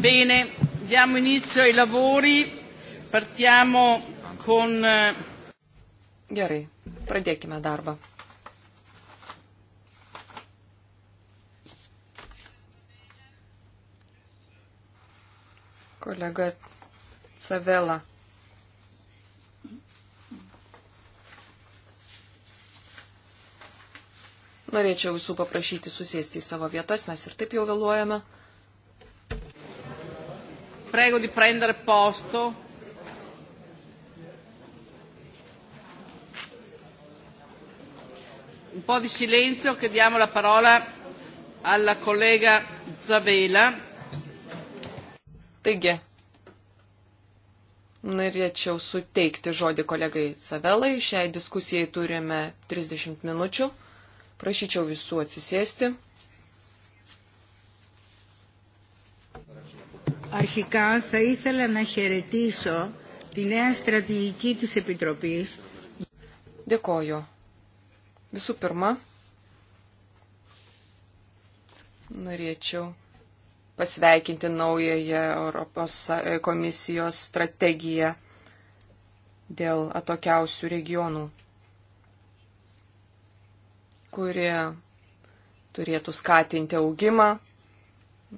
Bene, diamo inizio ai lavori. Partiamo con. Eh, Gerai, pradėkime darbą. Kolega Cavela. Norėčiau visų paprašyti susėsti į savo vietas, mes ir taip jau vėluojame. Prego di prendere posto. Un po' di silenzio che diamo la parola alla collega Zavela. Taigi, norėčiau suteikti žodį kolegai Zavelai. Šiai diskusijai turime 30 minučių. Prašyčiau visų atsisėsti. Αρχικά θα ήθελα να χαιρετήσω τη νέα στρατηγική της Επιτροπής. Dėkoju. Visų pirma, norėčiau pasveikinti naująją Europos komisijos strategiją dėl atokiausių regionų, kurie turėtų skatinti augimą,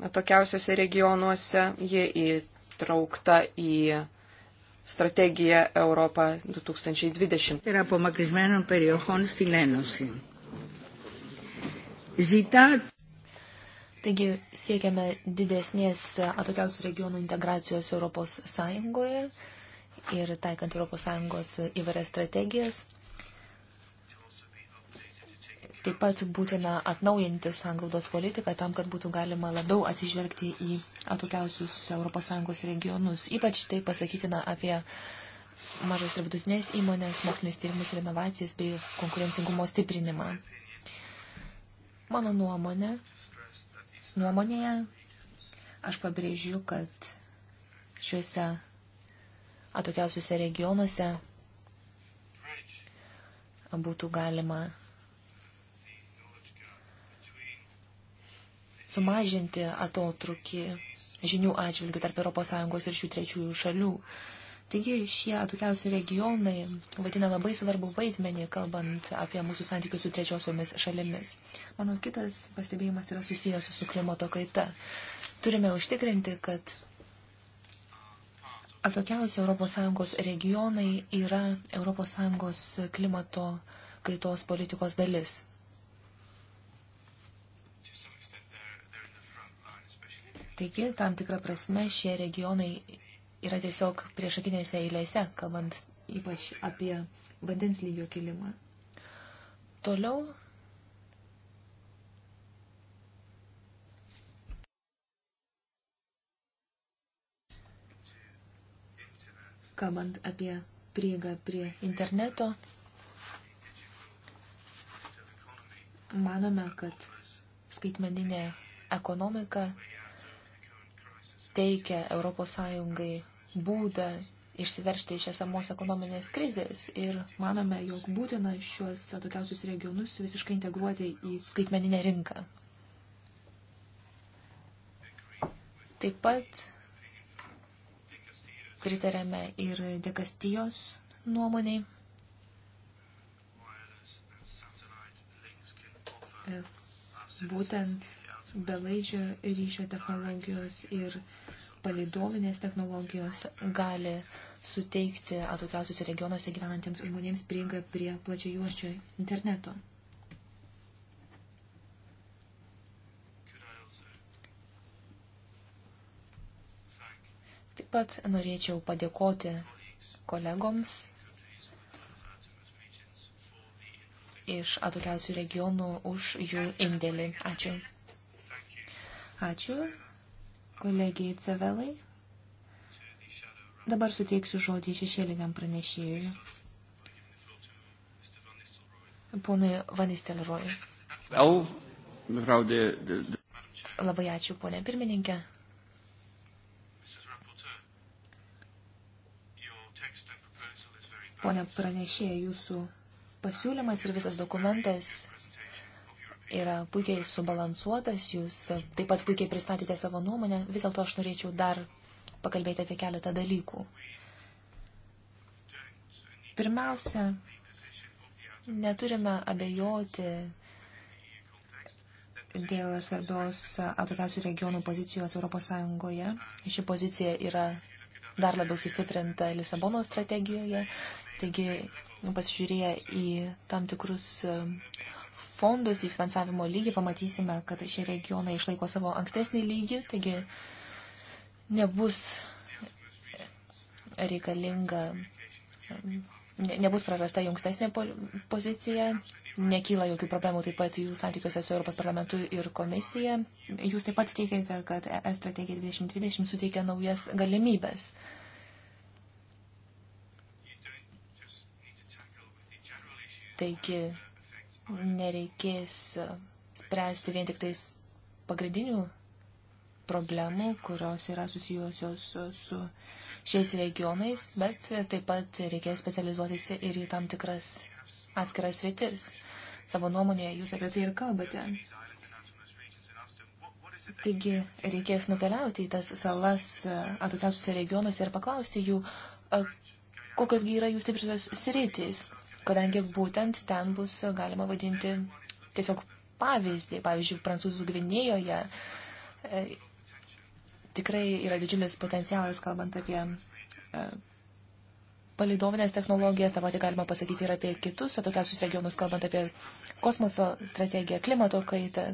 atokiausiuose regionuose, ji įtraukta į strategiją Europą 2020. Yra pomakrismenon periohon στην Ένωση. Ζητά... Taigi siekiame didesnės atokiausių regionų integracijos Europos Sąjungoje ir taikant Europos Sąjungos įvairias strategijas. Taip pat būtina atnaujinti sanglaudos politiką tam, kad būtų galima labiau atsižvelgti į atokiausius ES regionus. Ypač tai pasakytina apie mažas ir vidutinės įmonės, mokslinius tyrimus ir inovacijas bei konkurencingumo stiprinimą. Mano nuomonė, nuomonėje aš pabrėžiu, kad šiuose atokiausiuose regionuose būtų galima sumažinti atotrukį žinių atžvilgių tarp ES ir šių trečiųjų šalių. Taigi šie atokiausi regionai vadina labai svarbu vaidmenį, kalbant apie mūsų santykius su trečiosiomis šalimis. Mano kitas pastebėjimas yra susijęs su klimato kaita. Turime užtikrinti, kad atokiausi ES regionai yra ES klimato kaitos politikos dalis. Taigi, tam tikrą prasme, šie regionai yra tiesiog priešakinėse eilėse, kalbant ypač apie vandens lygio kilimą. Toliau. Kalbant apie prieigą prie interneto, manome, kad skaitmeninė ekonomika teikia ES būdą išsiveršti iš esamos ekonominės krizės ir manome, jog būtina šiuos atokiausius regionus visiškai integruoti į skaitmeninę rinką. Taip pat pritarėme ir dekastijos nuomoniai. Būtent belaidžio ryšio technologijos ir palidovinės technologijos gali suteikti atokiausiuose regionuose gyvenantiems žmonėms prieigą prie plačiajuoščio interneto. Taip pat norėčiau padėkoti kolegoms iš atokiausių regionų už jų indėlį. Ačiū. Ačiū kolegijai Cevelai. Dabar suteiksiu žodį šešėliniam pranešėjui. Ponui Vanistelroj. Labai ačiū, ponė pirmininkė. Pone pranešėja, jūsų pasiūlymas ir visas dokumentas yra puikiai subalansuotas, jūs taip pat puikiai pristatėte savo nuomonę, vis dėlto aš norėčiau dar pakalbėti apie keletą dalykų. Pirmiausia, neturime abejoti dėl svarbios atokiausių regionų pozicijos Europos Sąjungoje. Ši pozicija yra dar labiau sustiprinta Lisabono strategijoje, taigi pasižiūrėję į tam tikrus uh, fondus, į finansavimo lygį, pamatysime, kad šie regionai išlaiko savo ankstesnį lygį, taigi nebus reikalinga, ne, nebus prarasta jungstesnė pozicija, nekyla jokių problemų taip pat jų santykiuose su Europos parlamentu ir komisija. Jūs taip pat teikiate, kad ES strategija 2020 suteikia naujas galimybės. Taigi, nereikės e, spręsti vien tik tais pagrindinių problemų, kurios yra susijusios su, su šiais regionais, bet taip pat reikės specializuotis ir į tam tikras atskiras rytis. Savo nuomonėje jūs apie tai ir kalbate. Taigi reikės nukeliauti į tas salas e, atokiausiuose regionuose ir paklausti jų, e, kokios gi yra jų stipriosios sritys kadangi būtent ten bus galima vadinti tiesiog pavyzdį. Pavyzdžiui, Prancūzų Gvinėjoje e, tikrai yra didžiulis potencialas, kalbant apie e, palidovinės technologijas, tą patį galima pasakyti ir apie kitus atokiausius regionus, kalbant apie kosmoso strategiją, klimato kaitą.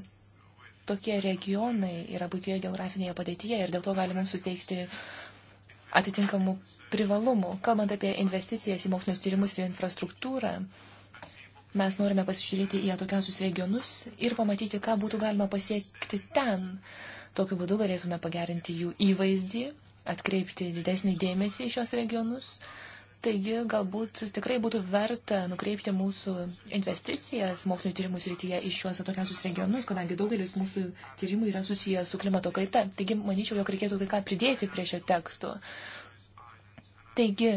Tokie regionai yra puikioje geografinėje padėtyje ir dėl to gali mums suteikti uh, atitinkamų privalumų. Kalbant apie investicijas į mokslinius tyrimus ir infrastruktūrą, mes norime pasižiūrėti į atokiausius regionus ir pamatyti, ką būtų galima pasiekti ten. Tokiu būdu galėtume pagerinti jų įvaizdį, atkreipti didesnį dėmesį į šios regionus, Taigi galbūt tikrai būtų verta nukreipti mūsų investicijas mokslinio tyrimų srityje iš šiuos atokiausius regionus, kadangi daugelis mūsų tyrimų yra susiję su klimato kaita. Taigi manyčiau, jog reikėtų kai ką pridėti prie šio teksto. Taigi,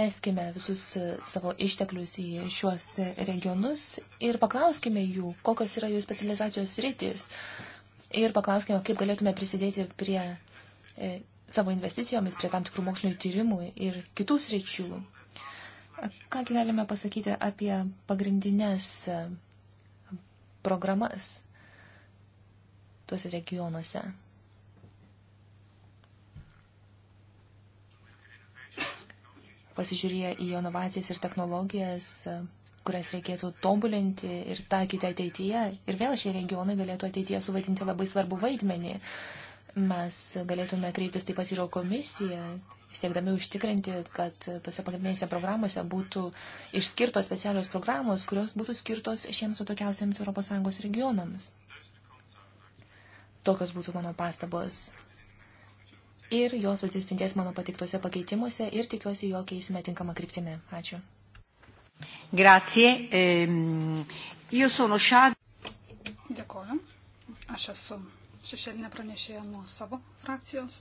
meskime visus savo išteklius į šiuos regionus ir paklauskime jų, kokios yra jų specializacijos rytis. Ir paklauskime, kaip galėtume prisidėti prie e, savo investicijomis prie tam tikrų mokslinių tyrimų ir kitų sričių. Kągi galime pasakyti apie pagrindinės e, programas tuose regionuose? Pasižiūrėję į inovacijas ir technologijas, e, kurias reikėtų tobulinti ir taikyti ateityje. Ir vėl šie regionai galėtų ateityje suvaidinti labai svarbu vaidmenį. Uh, Mes galėtume kreiptis taip pat ir komisiją, siekdami užtikrinti, kad tose pagrindinėse programuose būtų išskirtos specialios programos, kurios būtų skirtos šiems atokiausiams ES regionams. Tokios būtų mano pastabos. Ir jos atsispindės mano patiktuose pakeitimuose ir tikiuosi, jog keisime tinkamą kryptimį. Ačiū. Grazie. Ehm, io sono Šad. Dėkoju. Aš esu šešėlinė pranešėja nuo savo frakcijos.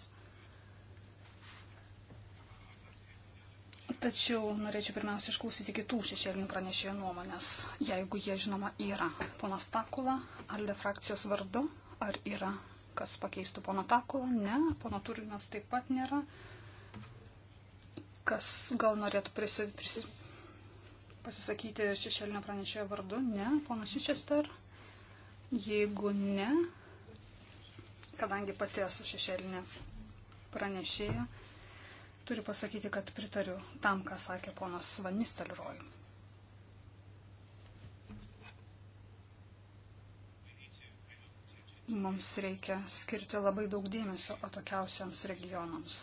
Tačiau norėčiau pirmiausia išklausyti kitų šešėlinių pranešėjų nuomonės, jeigu jie žinoma yra. Ponas Takula, Alde frakcijos vardu, ar yra kas pakeistų pono Takulą? Ne, pono Turinas taip pat nėra. Kas gal norėtų prisi, prisi, pasisakyti šešėlinio pranešėjo vardu? Ne, ponas Šičester. Jeigu ne, kadangi pati esu šešėlinė pranešėja, turiu pasakyti, kad pritariu tam, ką sakė ponas Vanis Taliroj. Mums reikia skirti labai daug dėmesio atokiausiams regionams.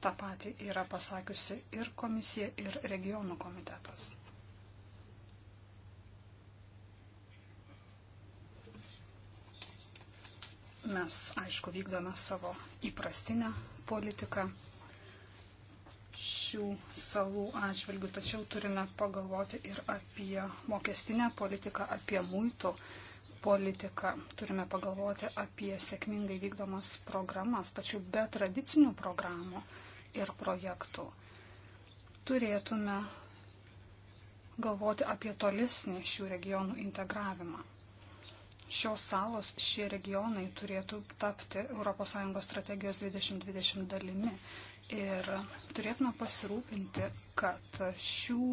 Ta pati yra pasakiusi ir komisija, ir regionų komitetas. Mes, aišku, vykdome savo įprastinę politiką šių salų atžvilgių, tačiau turime pagalvoti ir apie mokestinę politiką, apie muitų politiką. Turime pagalvoti apie sėkmingai vykdomas programas, tačiau be tradicinių programų ir projektų turėtume galvoti apie tolesnį šių regionų integravimą šios salos, šie regionai turėtų tapti ES strategijos 2020 dalimi. Ir turėtume pasirūpinti, kad šių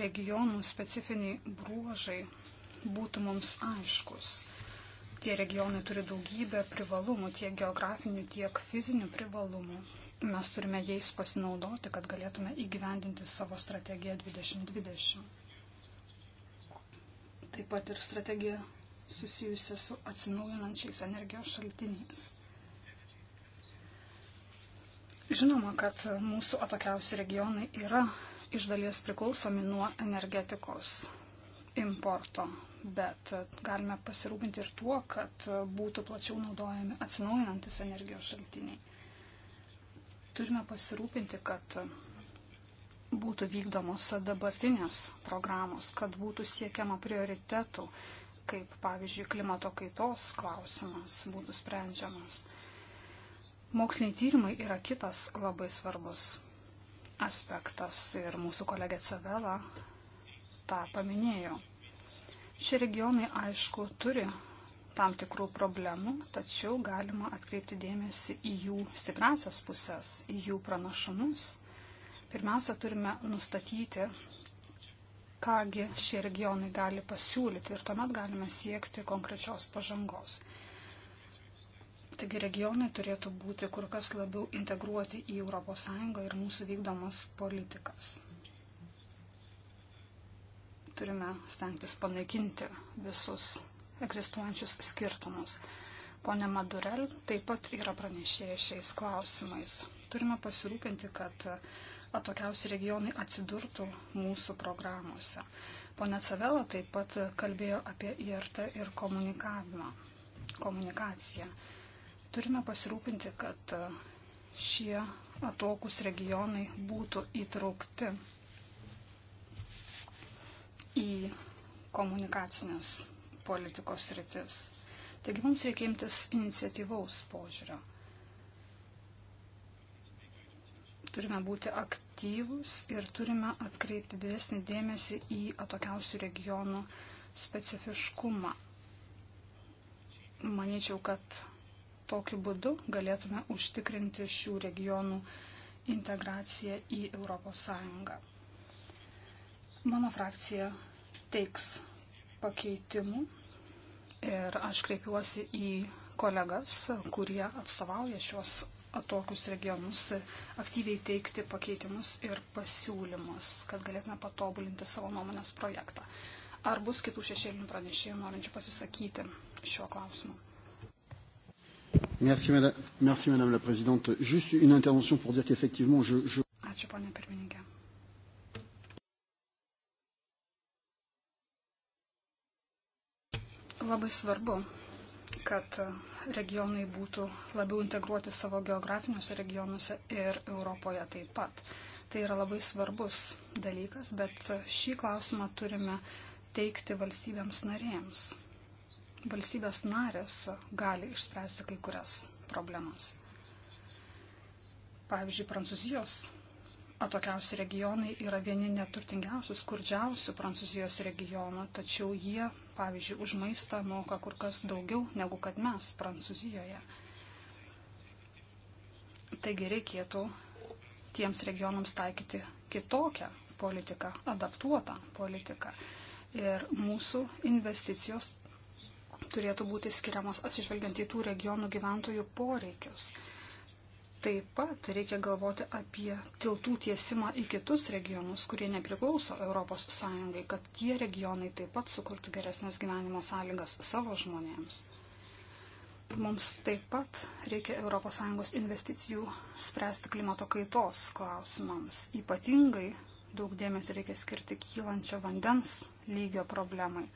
regionų specifiniai bruožai būtų mums aiškus. Tie regionai turi daugybę privalumų, tiek geografinių, tiek fizinių privalumų. Mes turime jais pasinaudoti, kad galėtume įgyvendinti savo strategiją 2020. Taip pat ir strategija susijusią su atsinaujinančiais energijos šaltiniais. Žinoma, kad mūsų atokiausi regionai yra iš dalies priklausomi nuo energetikos importo, bet galime pasirūpinti ir tuo, kad būtų plačiau naudojami atsinaujinantis energijos šaltiniai. Turime pasirūpinti, kad būtų vykdomos dabartinės programos, kad būtų siekiama prioritetų kaip pavyzdžiui klimato kaitos klausimas būtų sprendžiamas. Moksliniai tyrimai yra kitas labai svarbus aspektas ir mūsų kolegė Cevela tą paminėjo. Šie regionai, aišku, turi tam tikrų problemų, tačiau galima atkreipti dėmesį į jų stiprasias pusės, į jų pranašumus. Pirmiausia, turime nustatyti, kągi šie regionai gali pasiūlyti ir tuomet galime siekti konkrečios pažangos. Taigi regionai turėtų būti kur kas labiau integruoti į ES ir mūsų vykdomas politikas. Turime stengtis panaikinti visus egzistuojančius skirtumus. Pone Madurel taip pat yra pranešėję šiais klausimais. Turime pasirūpinti, kad atokiausi regionai atsidurtų mūsų programuose. Pone Cavela taip pat kalbėjo apie IRT ir komunikavimą, komunikaciją. Turime pasirūpinti, kad šie atokus regionai būtų įtraukti į komunikacinės politikos rytis. Taigi mums reikia imtis iniciatyvaus požiūrio. turime būti aktyvus ir turime atkreipti didesnį dėmesį į atokiausių regionų specifiškumą. Manyčiau, kad tokiu būdu galėtume užtikrinti šių regionų integraciją į ES. Mano frakcija teiks pakeitimų ir aš kreipiuosi į kolegas, kurie atstovauja šios tokius regionus e, aktyviai teikti pakeitimus ir pasiūlymus, kad galėtume patobulinti savo nuomonės projektą. Ar bus kitų šešėlinių pranešėjų norinčių pasisakyti šiuo klausimu? Merci, madame, merci, madame la présidente. Juste une intervention pour dire qu'effectivement, je, je... Ačiū, ponia pirmininkė. Labai svarbu kad regionai būtų labiau integruoti savo geografiniuose regionuose ir Europoje taip pat. Tai yra labai svarbus dalykas, bet šį klausimą turime teikti valstybėms narėms. Valstybės narės gali išspręsti kai kurias problemas. Pavyzdžiui, Prancūzijos atokiausi regionai yra vieni neturtingiausių, skurdžiausių Prancūzijos regionų, tačiau jie pavyzdžiui, už maistą moka kur kas daugiau negu kad mes Prancūzijoje. Taigi reikėtų tiems regionams taikyti kitokią politiką, adaptuotą politiką. Ir mūsų investicijos turėtų būti skiriamos atsižvelgiant į tų regionų gyventojų poreikius. Taip pat reikia galvoti apie tiltų tiesimą į kitus regionus, kurie nepriklauso ES, kad tie regionai taip pat sukurtų geresnės gyvenimo sąlygas savo žmonėms. Mums taip pat reikia ES investicijų spręsti klimato kaitos klausimams. Ypatingai daug dėmesio reikia skirti kylančio vandens lygio problemai.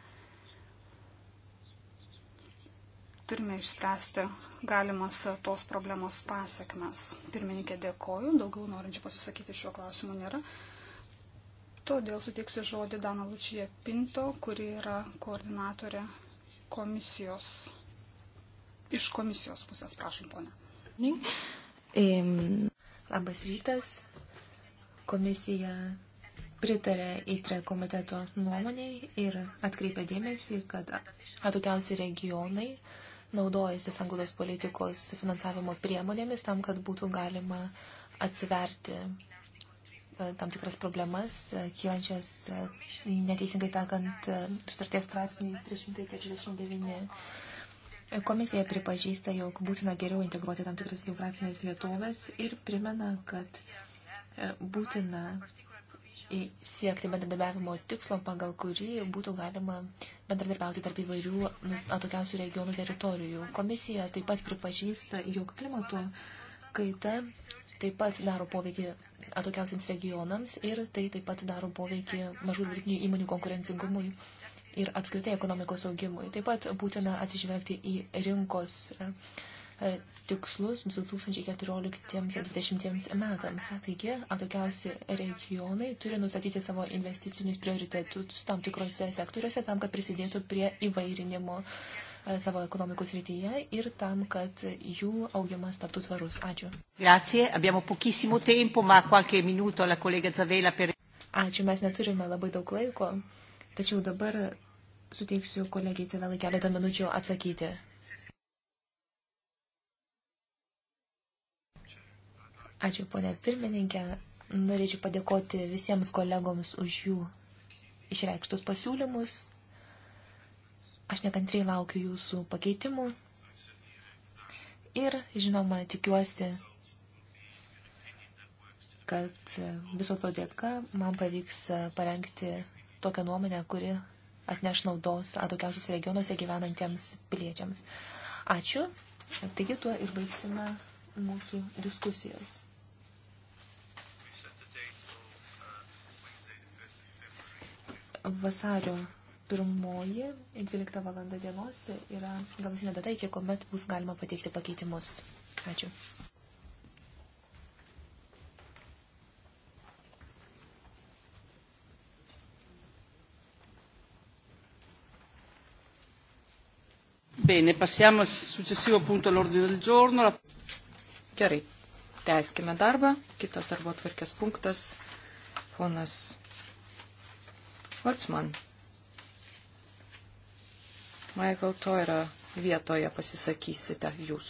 Turime išspręsti galimas tos problemos pasiekmes. Pirmininkė dėkoju, daugiau norinčių pasisakyti šiuo klausimu nėra. Todėl suteiksiu žodį Dana Lučija Pinto, kuri yra koordinatorė komisijos. Iš komisijos pusės, prašom, ponė. Labas rytas. Komisija pritarė įtre komiteto nuomonėj ir atkreipė dėmesį, kad atokiausi regionai naudojasi sangudos politikos finansavimo priemonėmis tam, kad būtų galima atsiverti e, tam tikras problemas, e, kylančias e, neteisingai takant sutarties straipsnį 349. Komisija pripažįsta, jog būtina geriau integruoti tam tikras geografinės vietovės ir primena, kad būtina siekti bendradarbiavimo tikslo, pagal kurį būtų galima bendradarbiauti tarp įvairių atokiausių regionų teritorijų. Komisija taip pat pripažįsta, jog klimato kaita taip pat daro poveikį atokiausiams regionams ir tai taip pat daro poveikį mažų ir vidutinių įmonių konkurencingumui ir apskritai ekonomikos augimui. Taip pat būtina atsižvelgti į rinkos uh, E, tikslus 2014-2020 metams. Taigi, atokiausi regionai turi nustatyti savo investicinius prioritetus tam tikrose sektoriuose, tam, kad prisidėtų prie įvairinimo e, savo ekonomikos srityje ir tam, kad jų augimas taptų tvarus. Ačiū. Grazie, abbiamo pochissimo tempo, ma qualche minuto la collega Zavela per. Ačiū, mes neturime labai daug laiko, tačiau dabar suteiksiu kolegijai Zavelai keletą minučių atsakyti. Ačiū, ponė pirmininkė. Norėčiau padėkoti visiems kolegoms už jų išreikštus pasiūlymus. Aš nekantriai laukiu jūsų pakeitimų. Ir, žinoma, tikiuosi, kad viso to dėka man pavyks parengti tokią nuomonę, kuri atneš naudos atokiausius regionuose gyvenantiems piliečiams. Ačiū. Taigi tuo ir baigsime mūsų diskusijas. vasario 1-12 val. dienos yra galutinė data, iki kuomet bus galima pateikti pakeitimus. Ačiū. Bene, passiamo al successivo punto all'ordine del giorno. Gerai, tęskime darbą. Kitas darbo atvarkės punktas. Ponas Vatsman. Michael Toira vietoje pasisakysite jūs.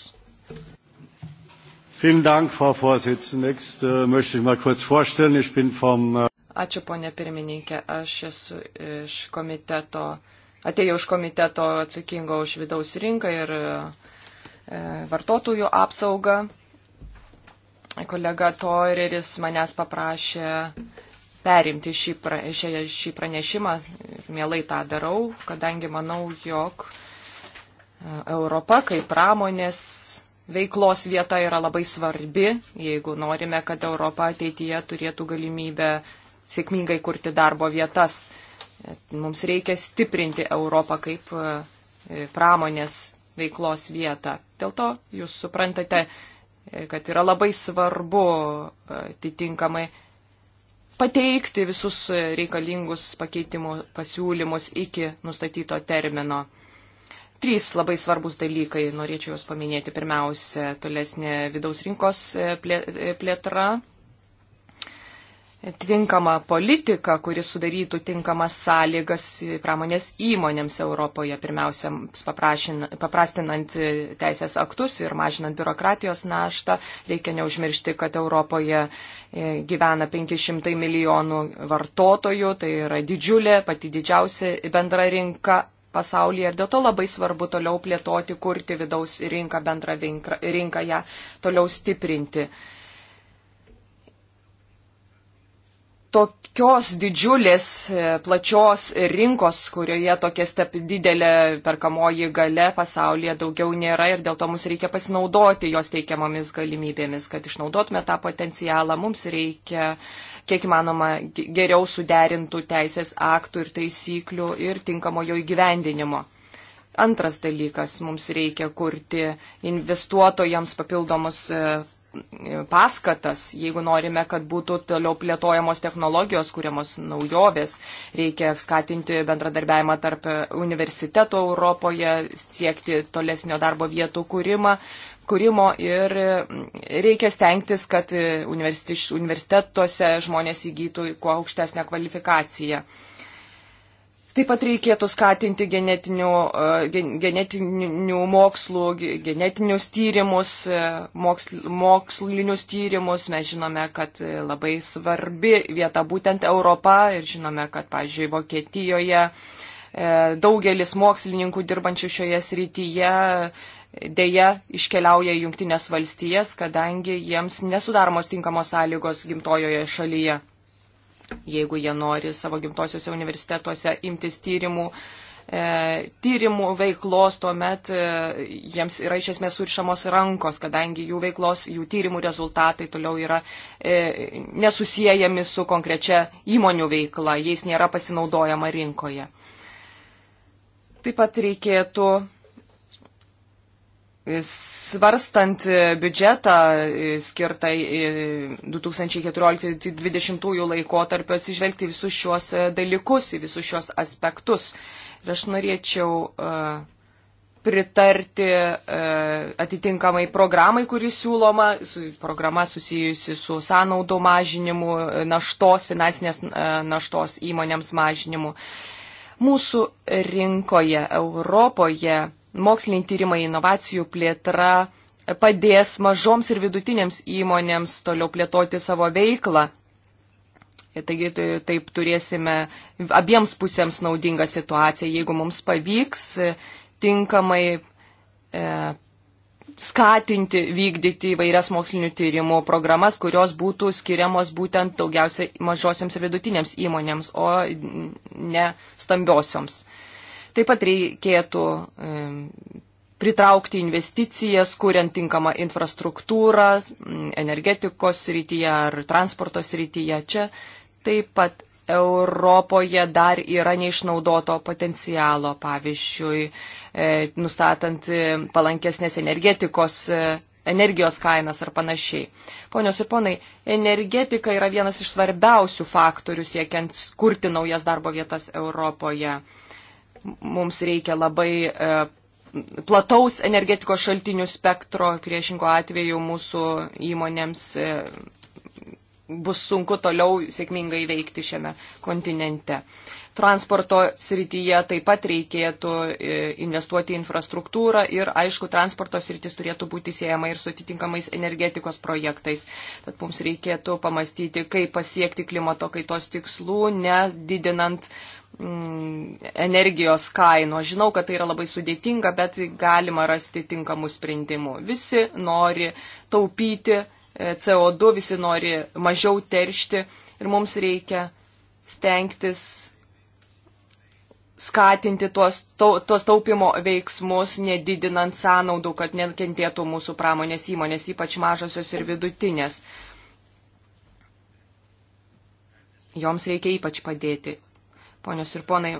Vielen Dank, Frau Vorsitzende. Nächst äh, möchte ich mal kurz vorstellen, ich bin vom. Äh Ačiū, ponė pirmininkė. Aš esu iš komiteto, atėjau iš komiteto atsakingo už vidaus rinką ir e, vartotojų apsaugą. Kolega Toireris manęs paprašė perimti šį, pra, šį, šį pranešimą. Mielai tą darau, kadangi manau, jog e, Europa kaip pramonės veiklos vieta yra labai svarbi, jeigu norime, kad Europa ateityje turėtų galimybę sėkmingai kurti darbo vietas. Mums reikia stiprinti Europą kaip e, pramonės veiklos vietą. Dėl to jūs suprantate, e, kad yra labai svarbu atitinkamai pateikti visus reikalingus pakeitimų pasiūlymus iki nustatyto termino. Trys labai svarbus dalykai, norėčiau juos paminėti. Pirmiausia, tolesnė vidaus rinkos plėtra tinkamą politiką, kuris sudarytų tinkamas sąlygas pramonės įmonėms Europoje, pirmiausia, paprastinant teisės aktus ir mažinant biurokratijos naštą. Reikia neužmiršti, kad Europoje e, gyvena 500 milijonų vartotojų, tai yra didžiulė, pati didžiausia bendra rinka pasaulyje ir dėl to labai svarbu toliau plėtoti, kurti vidaus rinką, bendrą rinką, ją toliau stiprinti. tokios didžiulės e, plačios rinkos, kurioje tokia step didelė perkamoji gale pasaulyje daugiau nėra ir dėl to mums reikia pasinaudoti jos teikiamomis galimybėmis, kad išnaudotume tą potencialą. Mums reikia, kiek įmanoma, geriau suderintų teisės aktų ir taisyklių ir tinkamo jo įgyvendinimo. Antras dalykas, mums reikia kurti investuotojams papildomus e, paskatas, jeigu norime, kad būtų toliau plėtojamos technologijos, kuriamos naujovės, reikia skatinti bendradarbiavimą tarp universitetų Europoje, siekti tolesnio darbo vietų kūrimą, kūrimo ir reikia stengtis, kad universitetuose žmonės įgytų kuo aukštesnę kvalifikaciją. Taip pat reikėtų skatinti genetinių, e, genetinių mokslų, genetinius tyrimus, e, moksl, mokslinius tyrimus. Mes žinome, kad e, labai svarbi vieta būtent Europa ir žinome, kad, pavyzdžiui, Vokietijoje daugelis mokslininkų dirbančių šioje srityje dėja iškeliauja į Junktinės valstijas, kadangi jiems nesudaromos tinkamos sąlygos gimtojoje šalyje jeigu jie nori savo gimtosiuose universitetuose imtis tyrimų. E, tyrimų veiklos tuomet e, jiems yra iš esmės surišamos rankos, kadangi jų veiklos, jų tyrimų rezultatai toliau yra e, nesusijęjami su konkrečia įmonių veikla, jais nėra pasinaudojama rinkoje. Taip pat reikėtų svarstant biudžetą e, skirtą 2014-2020 laikotarpio atsižvelgti visus šiuos e, dalykus, į visus šiuos aspektus. Ir aš norėčiau e, pritarti atitinkamai programai, kuri siūloma, programa susijusi su sąnaudų mažinimu, naštos, finansinės naštos įmonėms mažinimu. Mūsų rinkoje, Europoje, moksliniai tyrimai, inovacijų plėtra padės mažoms ir vidutinėms įmonėms toliau plėtoti savo veiklą. Ir taigi taip turėsime abiems pusėms naudingą situaciją, jeigu mums pavyks e, tinkamai e, skatinti vykdyti įvairias mokslinių tyrimų programas, kurios būtų skiriamos būtent daugiausiai mažosiams ir vidutinėms įmonėms, o ne stambiosioms. E, Taip pat reikėtų pritraukti investicijas, kuriant tinkamą infrastruktūrą energetikos srityje ar transporto srityje. Čia taip pat Europoje dar yra neišnaudoto potencialo, pavyzdžiui, e, nustatant e, palankesnės energetikos e, energijos kainas ar panašiai. Ponios ir ponai, energetika yra vienas iš svarbiausių faktorių siekiant kurti naujas darbo vietas Europoje. Mums reikia labai e, plataus energetikos šaltinių spektro, priešingo atveju mūsų įmonėms e, bus sunku toliau sėkmingai veikti šiame kontinente. Transporto srityje taip pat reikėtų e, investuoti į infrastruktūrą ir, aišku, transporto sritis turėtų būti siejama ir su atitinkamais energetikos projektais. Tad mums reikėtų pamastyti, kaip pasiekti klimato kaitos tikslų, nedidinant mm, energijos kaino. Žinau, kad tai yra labai sudėtinga, bet galima rasti tinkamų sprendimų. Visi nori taupyti e, CO2, visi nori mažiau teršti ir mums reikia stengtis skatinti tuos, to, tuos taupimo veiksmus, nedidinant sąnaudų, kad nekentėtų mūsų pramonės įmonės, ypač mažosios ir vidutinės. Joms reikia ypač padėti. Ponios ir ponai,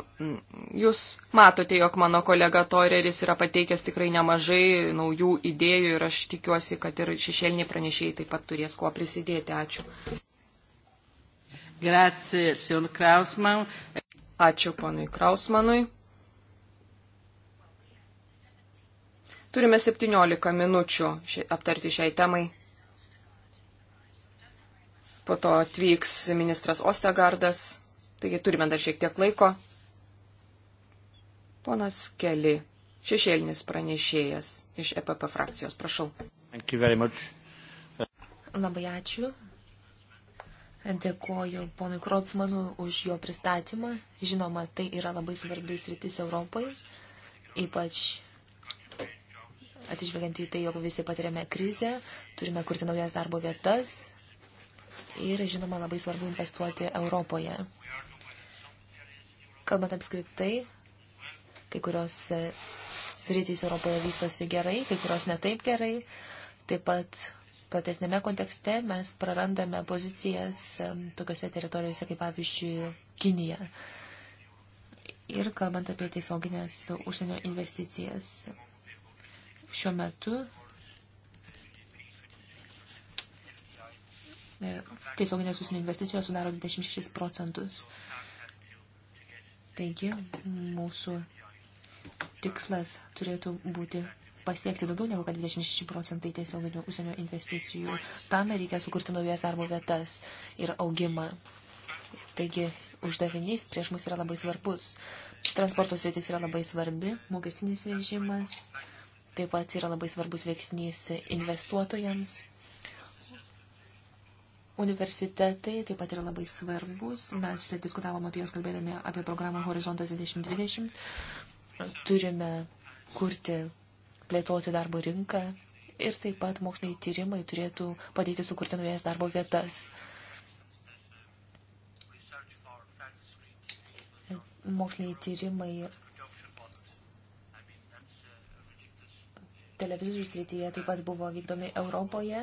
jūs matote, jog mano kolega Toreris yra pateikęs tikrai nemažai naujų idėjų ir aš tikiuosi, kad ir šešėliniai pranešėjai taip pat turės kuo prisidėti. Ačiū. Grazie, signor Krausman. Ačiū ponui Krausmanui. Turime 17 minučių aptarti šiai temai. Po to atvyks ministras Ostegardas, taigi turime dar šiek tiek laiko. Ponas Keli, šešėlinis pranešėjas iš EPP frakcijos, prašau. Labai ačiū. Dėkuoju ponui Krotsmanui už jo pristatymą. Žinoma, tai yra labai svarbis rytis Europai, ypač atsižvelgiant į tai, jog visi patiriame krizę, turime kurti naujas darbo vietas ir, žinoma, labai svarbu investuoti Europoje. Kalbant apskritai, kai kurios e, sritys Europoje vystosi gerai, kai kurios netaip gerai. Taip pat platesnėme kontekste mes prarandame pozicijas tokiuose teritorijose kaip pavyzdžiui Kinija. Ir kalbant apie tiesioginės užsienio investicijas, šiuo metu e, tiesioginės užsienio investicijos sudaro 26 procentus. Taigi mūsų tikslas turėtų būti pasiekti daugiau negu kad 26 procentai tiesioginių užsienio investicijų. Tam reikia sukurti naujas darbo vietas ir augimą. Taigi uždavinys prieš mus yra labai svarbus. Transporto sritis yra labai svarbi, mokestinis režimas taip pat yra labai svarbus veiksnys investuotojams. Universitetai taip pat yra labai svarbus. Mes diskutavom apie juos kalbėdami apie programą Horizontas 2020. Turime kurti plėtoti darbo rinką ir taip pat moksliniai tyrimai turėtų padėti sukurti naujas darbo vietas. Moksliniai tyrimai televizijų srityje taip pat buvo vykdomi Europoje.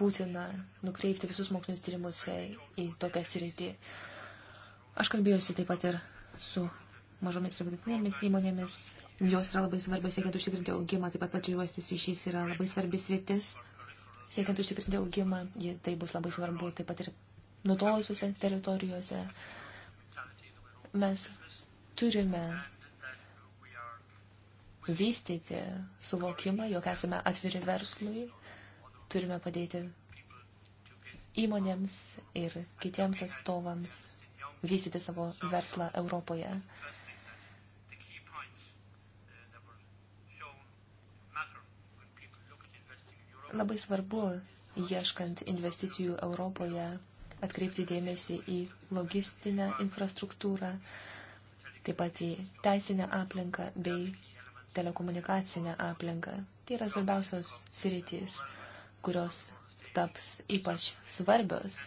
Būtina nukreipti visus mokslinius tyrimus į tokią sritį. Aš kalbėjusi taip pat ir su mažomis ir vidutinėmis įmonėmis. Jos yra labai svarbios, siekiant užtikrinti augimą, taip pat pačių juostis ryšys yra labai svarbis rytis. Siekiant užtikrinti augimą, tai bus labai svarbu taip pat ir nutolusiuose teritorijuose. Mes turime vystyti suvokimą, jog esame atviri verslui, turime padėti įmonėms ir kitiems atstovams vystyti savo verslą Europoje. Labai svarbu, ieškant investicijų Europoje, atkreipti dėmesį į logistinę infrastruktūrą, taip pat į teisinę aplinką bei telekomunikacinę aplinką. Tai yra svarbiausios sritys, kurios taps ypač svarbios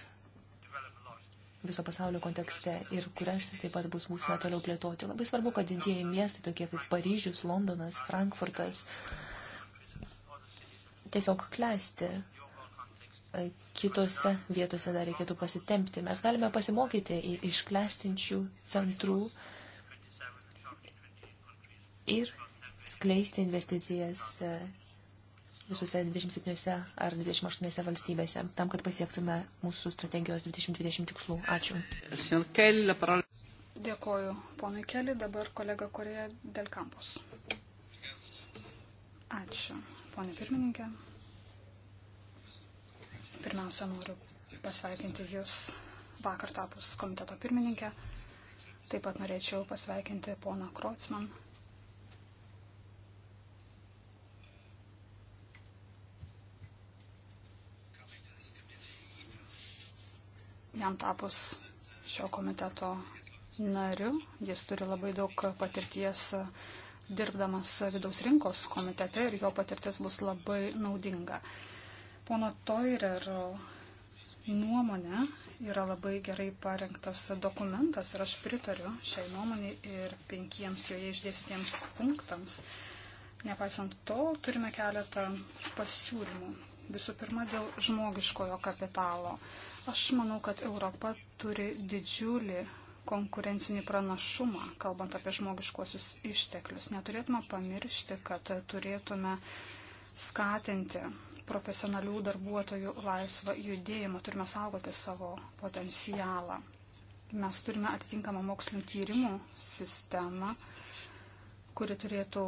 viso pasaulio kontekste ir kurias taip pat bus būtina toliau plėtoti. Labai svarbu, kad didieji miestai, tokie kaip Paryžius, Londonas, Frankfurtas, tiesiog klesti. E, kitose vietose dar reikėtų pasitempti. Mes galime pasimokyti iš klestinčių centrų ir skleisti investicijas e, visose 27 ar 28 valstybėse, tam, kad pasiektume mūsų strategijos 2020 tikslų. Ačiū. Dėkoju, ponai Keli, dabar kolega Korėja Del Campos. Ačiū, ponė pirmininkė. Pirmiausia, noriu pasveikinti Jūs vakar tapus komiteto pirmininkę. Taip pat norėčiau pasveikinti poną Krocman jam tapus šio komiteto nariu. Jis turi labai daug patirties e, dirbdamas vidaus rinkos komitete ir jo patirtis bus labai naudinga. Pono Toirero nuomonė yra labai gerai parengtas dokumentas ir aš pritariu šiai nuomonė ir penkiems joje išdėstytiems punktams. Nepaisant to, turime keletą pasiūlymų. Visų pirma, dėl žmogiškojo kapitalo. Uh, Aš manau, kad Europa turi didžiulį konkurencinį pranašumą, kalbant apie žmogiškuosius išteklius. Neturėtume pamiršti, kad turėtume skatinti profesionalių darbuotojų laisvą judėjimą, turime saugoti savo potencialą. Mes turime atitinkamą mokslinių tyrimų sistemą, kuri turėtų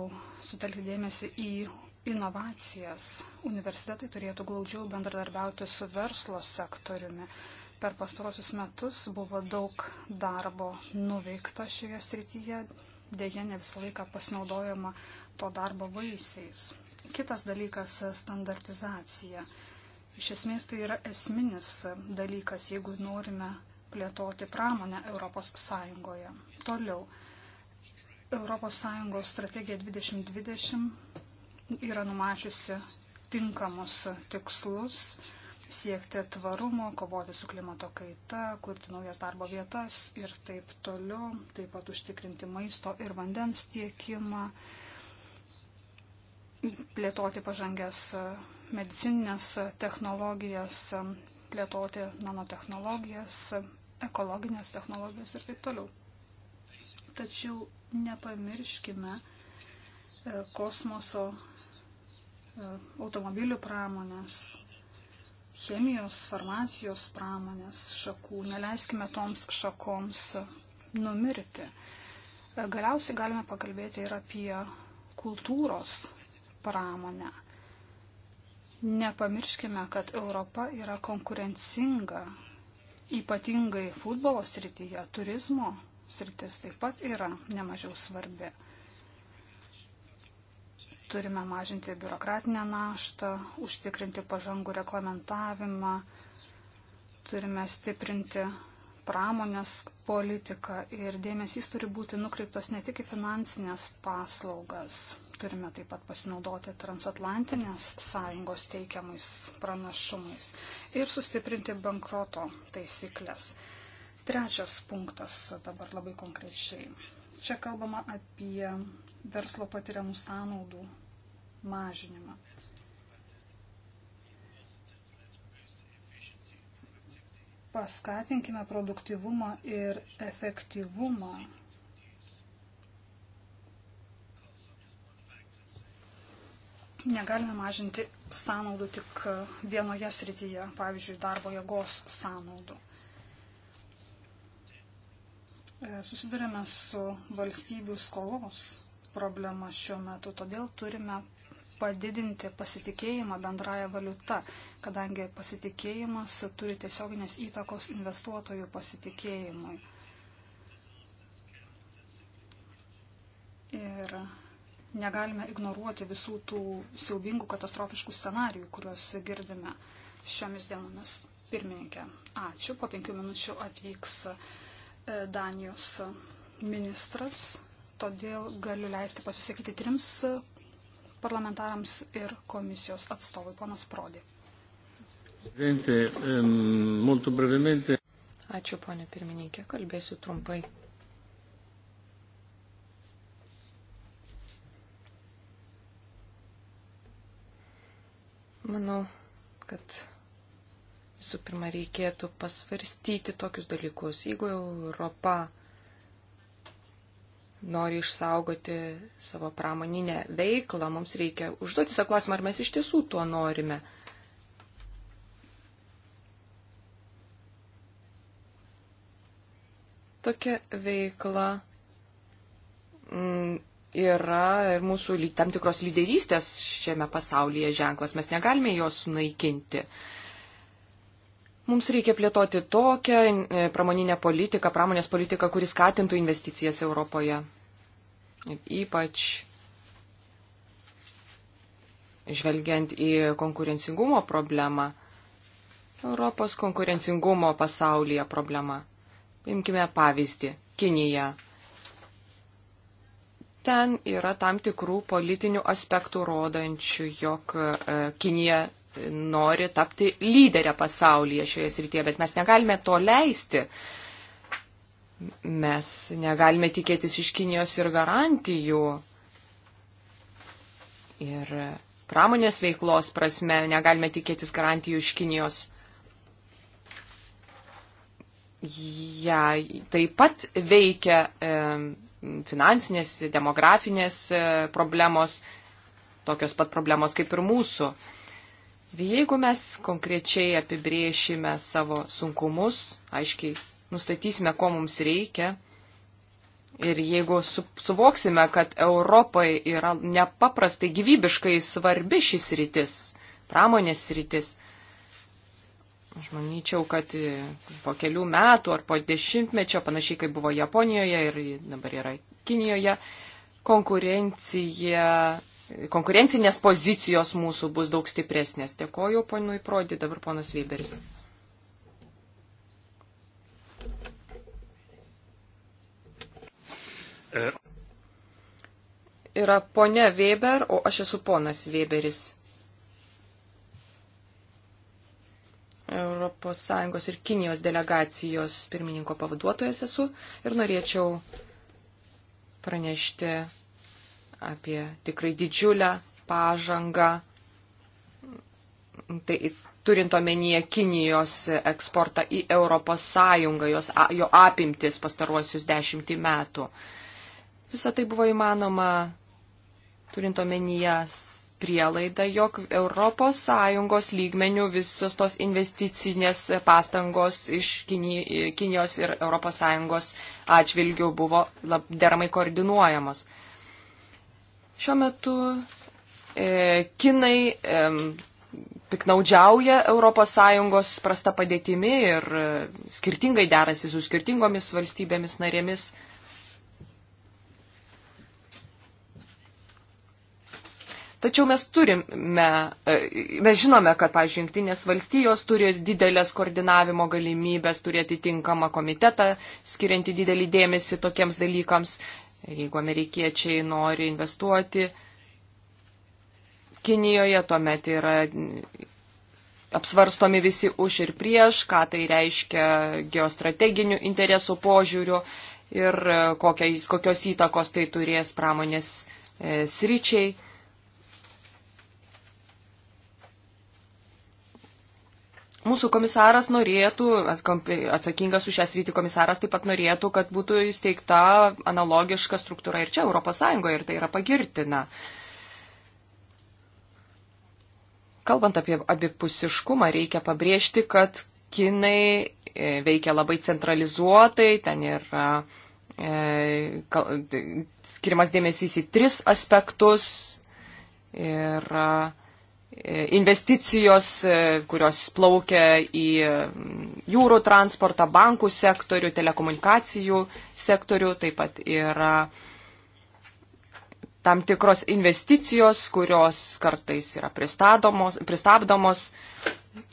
sutelkti dėmesį į inovacijas. Universitetai turėtų glaudžiau bendradarbiauti su verslo sektoriumi. Per pastarosius metus buvo daug darbo nuveikta šioje srityje, dėje ne visą laiką pasinaudojama to darbo vaisiais. Kitas dalykas - standartizacija. Iš esmės tai yra esminis dalykas, jeigu norime plėtoti pramonę Europos Sąjungoje. Toliau. Europos Sąjungos strategija 2020 yra numačiusi tinkamus tikslus siekti tvarumo, kovoti su klimato kaita, kurti naujas darbo vietas ir taip toliau, taip pat užtikrinti maisto ir vandens tiekimą, plėtoti pažangęs medicininės technologijas, plėtoti nanotehnologijas, ekologinės technologijas ir taip toliau. Tačiau nepamirškime e, kosmoso E, automobilių pramonės, chemijos, farmacijos pramonės šakų. Neleiskime toms šakoms numirti. E, galiausiai galime pakalbėti ir apie kultūros pramonę. Nepamirškime, kad Europa yra konkurencinga, ypatingai futbolo srityje, turizmo sritis taip pat yra nemažiau svarbi. Turime mažinti biurokratinę naštą, užtikrinti pažangų reglamentavimą, turime stiprinti pramonės politiką ir dėmesys turi būti nukreiptas ne tik į finansinės paslaugas. Turime taip pat pasinaudoti transatlantinės sąjungos teikiamais pranašumais ir sustiprinti bankroto taisyklės. Trečias punktas dabar labai konkrečiai. Čia kalbama apie verslo patiriamų sąnaudų mažinimą. Paskatinkime produktivumą ir efektyvumą. Negalime mažinti sąnaudų tik vienoje srityje, pavyzdžiui, darbo jėgos sąnaudų e, susidurime su valstybių skolos problema šiuo metu, todėl turime padidinti pasitikėjimą bendraja valiuta, kadangi pasitikėjimas turi tiesioginės įtakos investuotojų pasitikėjimui. Ir negalime ignoruoti visų tų siaubingų katastrofiškų scenarijų, kuriuos girdime šiomis dienomis. Pirmininkė, ačiū. Po penkių minučių atvyks e, Danijos ministras, todėl galiu leisti pasisakyti trims parlamentarams ir komisijos atstovui, ponas Prodi. Ehm, Ačiū, ponė pirmininkė, kalbėsiu trumpai. Manau, kad visų pirma reikėtų pasvarstyti tokius dalykus. Jeigu Europa nori išsaugoti savo pramoninę veiklą, mums reikia užduoti savo klausimą, ar mes iš tiesų tuo norime. Tokia veikla mm, yra ir mūsų tam tikros lyderystės šiame pasaulyje ženklas. Mes negalime jos sunaikinti. Uh, Mums reikia plėtoti tokią e, pramoninę politiką, pramonės politiką, kuris skatintų investicijas Europoje. Ypač žvelgiant į konkurencingumo problemą, Europos konkurencingumo pasaulyje problemą. Imkime pavyzdį - Kinija. Ten yra tam tikrų politinių aspektų rodančių, jog e, Kinija nori tapti lyderę pasaulyje šioje srityje, bet mes negalime to leisti. Mes negalime tikėtis iš Kinijos ir garantijų. Ir pramonės veiklos prasme negalime tikėtis garantijų iš Kinijos. Ja, taip pat veikia e, finansinės, demografinės e, problemos, tokios pat problemos kaip ir mūsų. E, Jeigu mes konkrečiai apibriešime savo sunkumus, aiškiai nustatysime, ko mums reikia, ir jeigu su, suvoksime, kad Europai yra nepaprastai gyvybiškai svarbi šis rytis, pramonės rytis, aš manyčiau, kad po kelių metų ar po dešimtmečio, panašiai kaip buvo Japonijoje ir dabar yra Kinijoje, konkurencija konkurencinės pozicijos mūsų bus daug stipresnės. Dėkoju ponui Prodi, dabar ponas Vyberis. Yra ponia Weber, o aš esu ponas Weberis. ES ir Kinijos delegacijos pirmininko pavaduotojas esu ir norėčiau pranešti apie tikrai didžiulę pažangą, tai turint omenyje Kinijos eksportą į Europos Sąjungą, jos, jo apimtis pastaruosius dešimtį metų. Visą tai buvo įmanoma, turint omenyje prielaidą, jog ES lygmenių visos tos investicinės pastangos iš Kinijos ir ES atžvilgių buvo lab, deramai koordinuojamos. Šiuo metu e, Kinai e, piknaudžiauja ES prasta padėtimi ir e, skirtingai derasi su skirtingomis valstybėmis narėmis. Tačiau mes turime, e, mes žinome, kad, pavyzdžiui, jungtinės valstijos turi didelės koordinavimo galimybės, turi atitinkamą komitetą, skirianti didelį dėmesį tokiems dalykams. Jeigu amerikiečiai nori investuoti Kinijoje, tuomet yra apsvarstomi visi už ir prieš, ką tai reiškia geostrateginių interesų požiūrių ir kokios įtakos tai turės pramonės e, sryčiai. Mūsų komisaras norėtų, atsakingas už šią sritį komisaras taip pat norėtų, kad būtų įsteigta analogiška struktūra ir čia ES ir tai yra pagirtina. Kalbant apie abipusiškumą, reikia pabrėžti, kad kinai e, veikia labai centralizuotai, ten yra e, skirimas dėmesys į tris aspektus ir a, investicijos, e, kurios plaukia į e, jūrų transportą, bankų sektorių, telekomunikacijų sektorių, taip pat yra tam tikros investicijos, kurios kartais yra pristabdomos.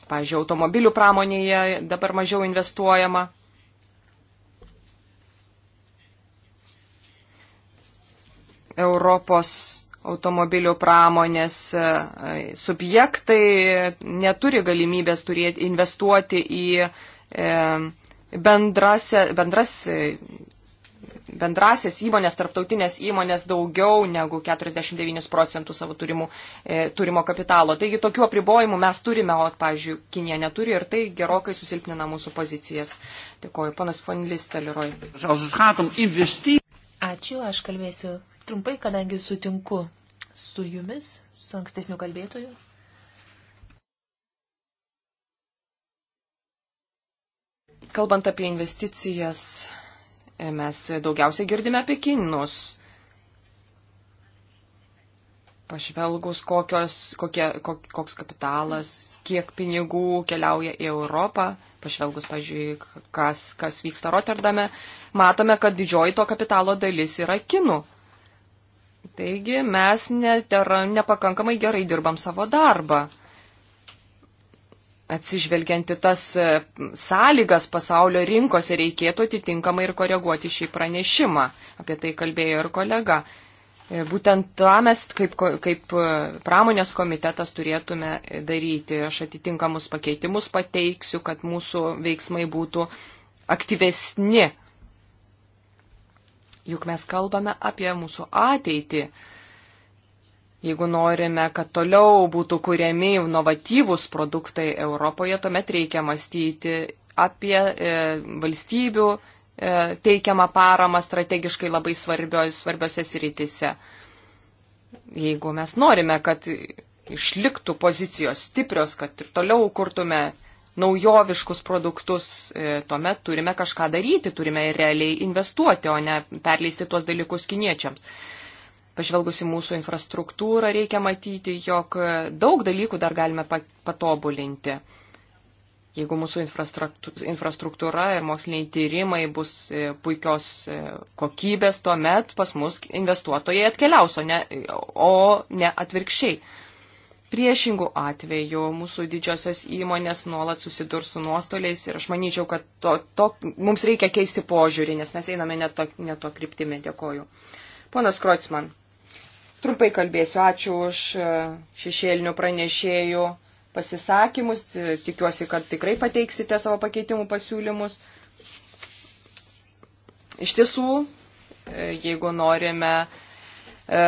Pavyzdžiui, automobilių pramonėje dabar mažiau investuojama. Europos automobilių pramonės e, subjektai neturi galimybės turėti, investuoti į e, bendras, bendras, e, bendrasias įmonės, tarptautinės įmonės daugiau negu 49 procentų savo turimų, turimo kapitalo. Taigi tokių apribojimų mes turime, o, pavyzdžiui, Kinė neturi ir tai gerokai susilpnina mūsų pozicijas. Dėkoju, panas Fonlis Taliroj. Ačiū, aš kalbėsiu trumpai, kadangi sutinku su jumis, su ankstesniu kalbėtoju. Kalbant apie investicijas, mes daugiausiai girdime apie Kinus. Pažvelgus, kokios, kokie, kok, koks kapitalas, kiek pinigų keliauja į Europą, pažvelgus, pažiūrėjau, kas, kas vyksta Rotterdame, matome, kad didžioji to kapitalo dalis yra Kinų. Taigi mes netera, nepakankamai gerai dirbam savo darbą. Atsižvelgianti tas e, sąlygas pasaulio rinkose reikėtų atitinkamai ir koreguoti šį pranešimą. Apie tai kalbėjo ir kolega. E, būtent tą mes kaip, kaip e, pramonės komitetas turėtume daryti. Aš atitinkamus pakeitimus pateiksiu, kad mūsų veiksmai būtų aktyvesni Juk mes kalbame apie mūsų ateitį. Jeigu norime, kad toliau būtų kuriami inovatyvūs produktai Europoje, tuomet reikia mąstyti apie e, valstybių e, teikiamą paramą strategiškai labai svarbios, svarbiose sritise. Jeigu mes norime, kad išliktų pozicijos stiprios, kad ir toliau kurtume naujoviškus produktus, e, tuomet turime kažką daryti, turime realiai investuoti, o ne perleisti tuos dalykus kiniečiams. Pažvelgus į mūsų infrastruktūrą reikia matyti, jog e, daug dalykų dar galime patobulinti. Jeigu mūsų infrastruktūra ir moksliniai tyrimai bus e, puikios kokybės, tuomet pas mus investuotojai atkeliaus, o ne, o ne atvirkščiai. Priešingų atvejų mūsų didžiosios įmonės nuolat susidurs su nuostoliais ir aš manyčiau, kad to, to, mums reikia keisti požiūrį, nes mes einame ne to, ne to kryptimi. Dėkoju. Ponas Krocman, trumpai kalbėsiu. Ačiū už e, šešėlinių pranešėjų pasisakymus. Tikiuosi, kad tikrai pateiksite savo pakeitimų pasiūlymus. Iš tiesų, e, jeigu norime E,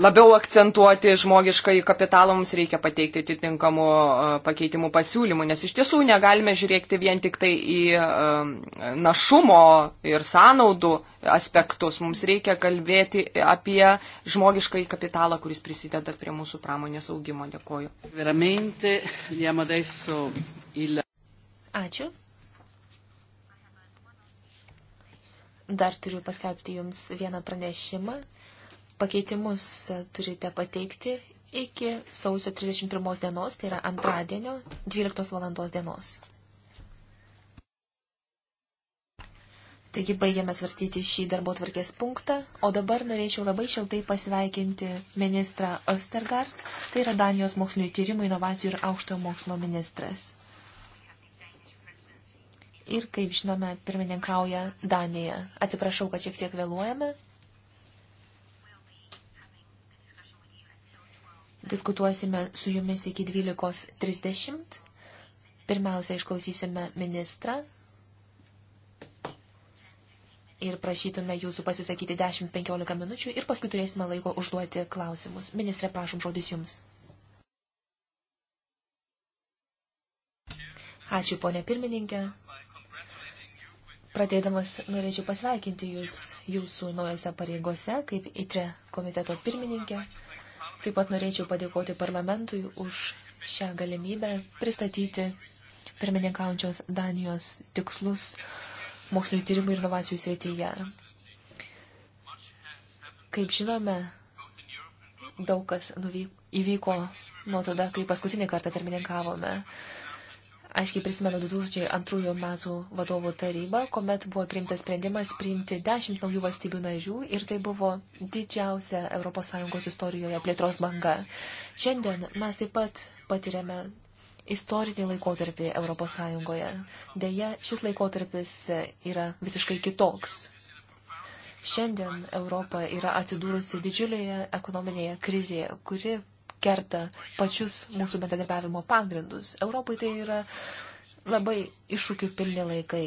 labiau akcentuoti žmogiškai kapitalą, mums reikia pateikti atitinkamų e, pakeitimų pasiūlymų, nes iš tiesų negalime žiūrėti vien tik tai į e, našumo ir sąnaudų aspektus, mums reikia kalbėti apie žmogiškai kapitalą, kuris prisideda prie mūsų pramonės augimo. Dėkuoju. Ačiū. Dar turiu paskelbti Jums vieną pranešimą pakeitimus turite pateikti iki sausio 31 dienos, tai yra antradienio 12 valandos dienos. Taigi baigėme svarstyti šį darbo tvarkės punktą, o dabar norėčiau labai šiltai pasveikinti ministrą Östergaard, tai yra Danijos mokslinio tyrimų, inovacijų ir aukštojo mokslo ministras. Ir kaip žinome, pirmininkauja Danija. Atsiprašau, kad šiek tiek vėluojame. Diskutuosime su jumis iki 12.30. Pirmiausia, išklausysime ministrą ir prašytume jūsų pasisakyti 10-15 minučių ir paskui turėsime laiko užduoti klausimus. Ministrė, prašom žodis jums. Ačiū, ponė pirmininkė. Pradėdamas norėčiau pasveikinti jūs jūsų naujose pareigose kaip ITRE komiteto pirmininkė. Taip pat norėčiau padėkoti parlamentui už šią galimybę pristatyti pirmininkaujančios Danijos tikslus mokslinio tyrimų ir inovacijų srityje. Kaip žinome, daug kas nuvyk, įvyko nuo tada, kai paskutinį kartą pirmininkavome. Aiškiai prisimenu 2002 metų vadovų tarybą, kuomet buvo priimtas sprendimas priimti 10 naujų valstybių narių ir tai buvo didžiausia ES istorijoje plėtros banga. Šiandien mes taip pat patiriame istorinį laikotarpį ES. Deja, šis laikotarpis yra visiškai kitoks. Šiandien Europa yra atsidūrusi didžiulėje ekonominėje krizėje, kuri kerta pačius mūsų bendradarbiavimo pagrindus. Europai tai yra labai iššūkių pilni laikai.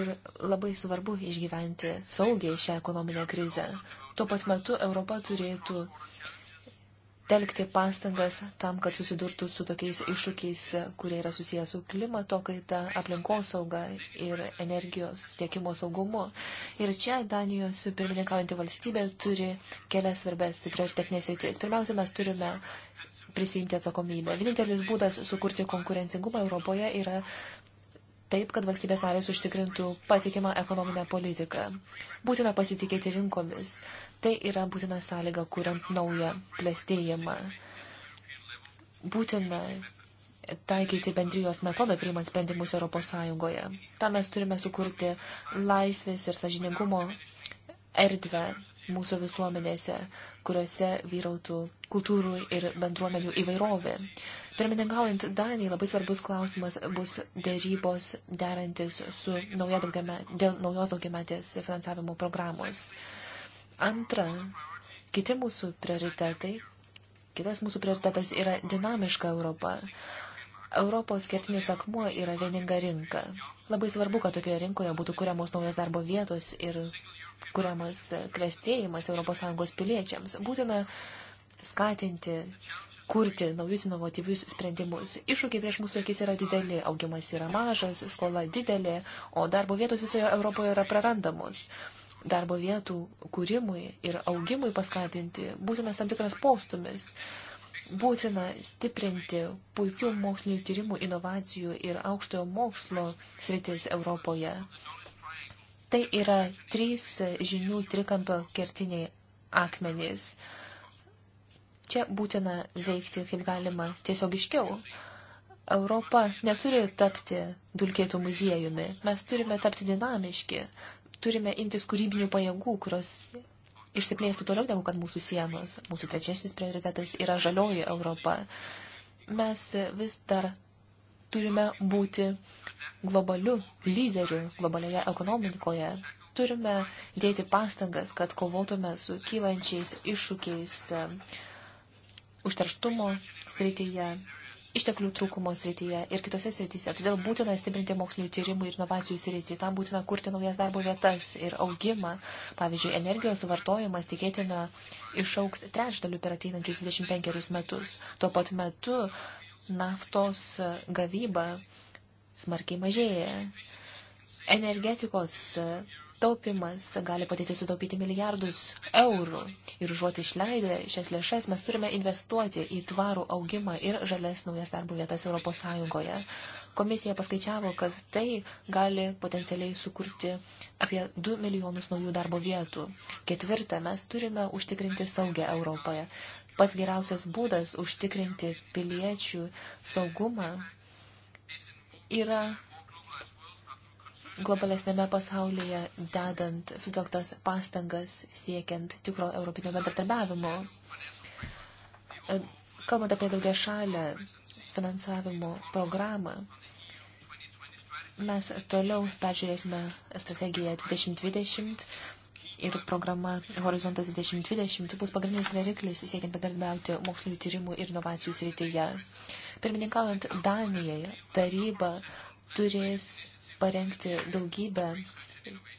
Ir labai svarbu išgyventi saugiai šią ekonominę krizę. Tuo pat metu Europa turėtų sutelkti pastangas tam, kad susidurtų su tokiais iššūkiais, kurie yra susijęs su klimato kaita, aplinkosauga ir energijos tiekimo saugumu. Ir čia Danijos pirmininkaujantį valstybę turi kelias svarbės prioritetinės rytis. Pirmiausia, mes turime prisijimti atsakomybę. Vienintelis būdas sukurti konkurencingumą Europoje yra taip, kad valstybės narės užtikrintų patikimą ekonominę politiką. Būtina pasitikėti rinkomis. Tai yra būtina sąlyga, kuriant naują plėstėjimą. Būtina taikyti bendrijos metodą priimant sprendimus Europos Sąjungoje. Tam mes turime sukurti laisvės ir sažiningumo erdvę mūsų visuomenėse, kuriuose vyrautų kultūrų ir bendruomenių įvairovė. Pirmininkaujant Danijai labai svarbus klausimas bus dėrybos derantis su nauja daugiame, dėl naujos daugiametės finansavimo programos. Antra, kiti mūsų prioritetai, kitas mūsų prioritetas yra dinamiška Europa. Europos kertinis akmuo yra vieninga rinka. Labai svarbu, kad tokioje rinkoje būtų kuriamos naujos darbo vietos ir kuriamas klestėjimas ES piliečiams. Būtina skatinti, kurti naujus inovatyvius sprendimus. Iššūkiai prieš mūsų akis yra dideli, augimas yra mažas, skola didelė, o darbo vietos visoje Europoje yra prarandamos darbo vietų kūrimui ir augimui paskatinti, būtinas tam tikras postumis. Būtina stiprinti puikių mokslinių tyrimų, inovacijų ir aukštojo mokslo sritis Europoje. Tai yra trys žinių trikampio kertiniai akmenys. Čia būtina veikti kaip galima tiesiogiškiau. Europa neturi tapti dulkėtų muziejumi, mes turime tapti dinamiški, turime imtis kūrybinių pajėgų, kurios išsiplėstų toliau negu kad mūsų sienos. Mūsų trečiasis prioritetas yra žalioji Europa. Mes vis dar turime būti globaliu lyderiu globalioje ekonomikoje. Turime dėti pastangas, kad kovotume su kylančiais iššūkiais e, užterštumo srityje, išteklių trūkumo srityje ir kitose srityse. Todėl būtina stiprinti mokslinio tyrimų ir inovacijų srityje. Tam būtina kurti naujas darbo vietas ir augimą. Pavyzdžiui, energijos suvartojimas tikėtina išauks trečdaliu per ateinančius 25 metus. Tuo pat metu naftos gavyba smarkiai mažėja. Energetikos taupimas gali padėti sutaupyti milijardus eurų. Ir užuot išleidę šias lėšas, mes turime investuoti į tvarų augimą ir žalias naujas darbo vietas Europos Sąjungoje. Komisija paskaičiavo, kad tai gali potencialiai sukurti apie 2 milijonus naujų darbo vietų. Ketvirta, mes turime užtikrinti saugę Europoje. Pats geriausias būdas užtikrinti piliečių saugumą yra globalesnėme pasaulyje, dedant sutelktas pastangas siekiant tikro europinio bendradarbiavimo. E, kalbant apie daugia šalę finansavimo programą, mes toliau peržiūrėsime strategiją 2020 ir programa Horizontas 2020 bus pagrindinis variklis siekiant bendradarbiauti mokslinio tyrimų ir inovacijų srityje. Pirmininkaujant Danijai, taryba turės parengti daugybę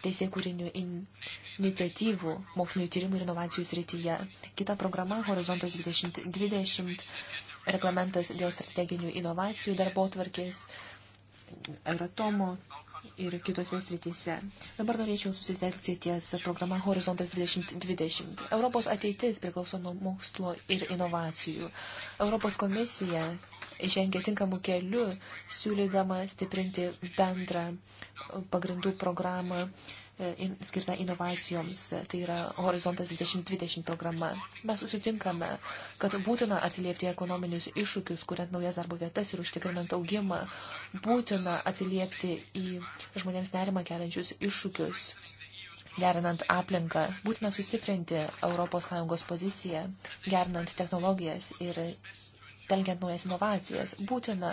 teisė kūrinių iniciatyvų mokslinių tyrimų ir inovacijų srityje. Kita programa Horizontas 2020, reglamentas dėl strateginių inovacijų darbo tvarkės, Euratomo ir kitose srityse. Dabar norėčiau susitelkti ties programa Horizontas 2020. Europos ateitis priklauso nuo mokslo ir inovacijų. Europos komisija žengia tinkamų kelių, siūlydama stiprinti bendrą uh, pagrindų programą uh, in, skirtą inovacijoms, tai yra Horizontas 2020 programa. Mes susitinkame, kad būtina atsiliepti ekonominius iššūkius, kuriant naujas darbo vietas ir užtikrinant augimą, būtina atsiliepti į žmonėms nerimą keliančius iššūkius, gerinant aplinką, būtina sustiprinti ES poziciją, gerinant technologijas ir telkiant naujas inovacijas. Būtina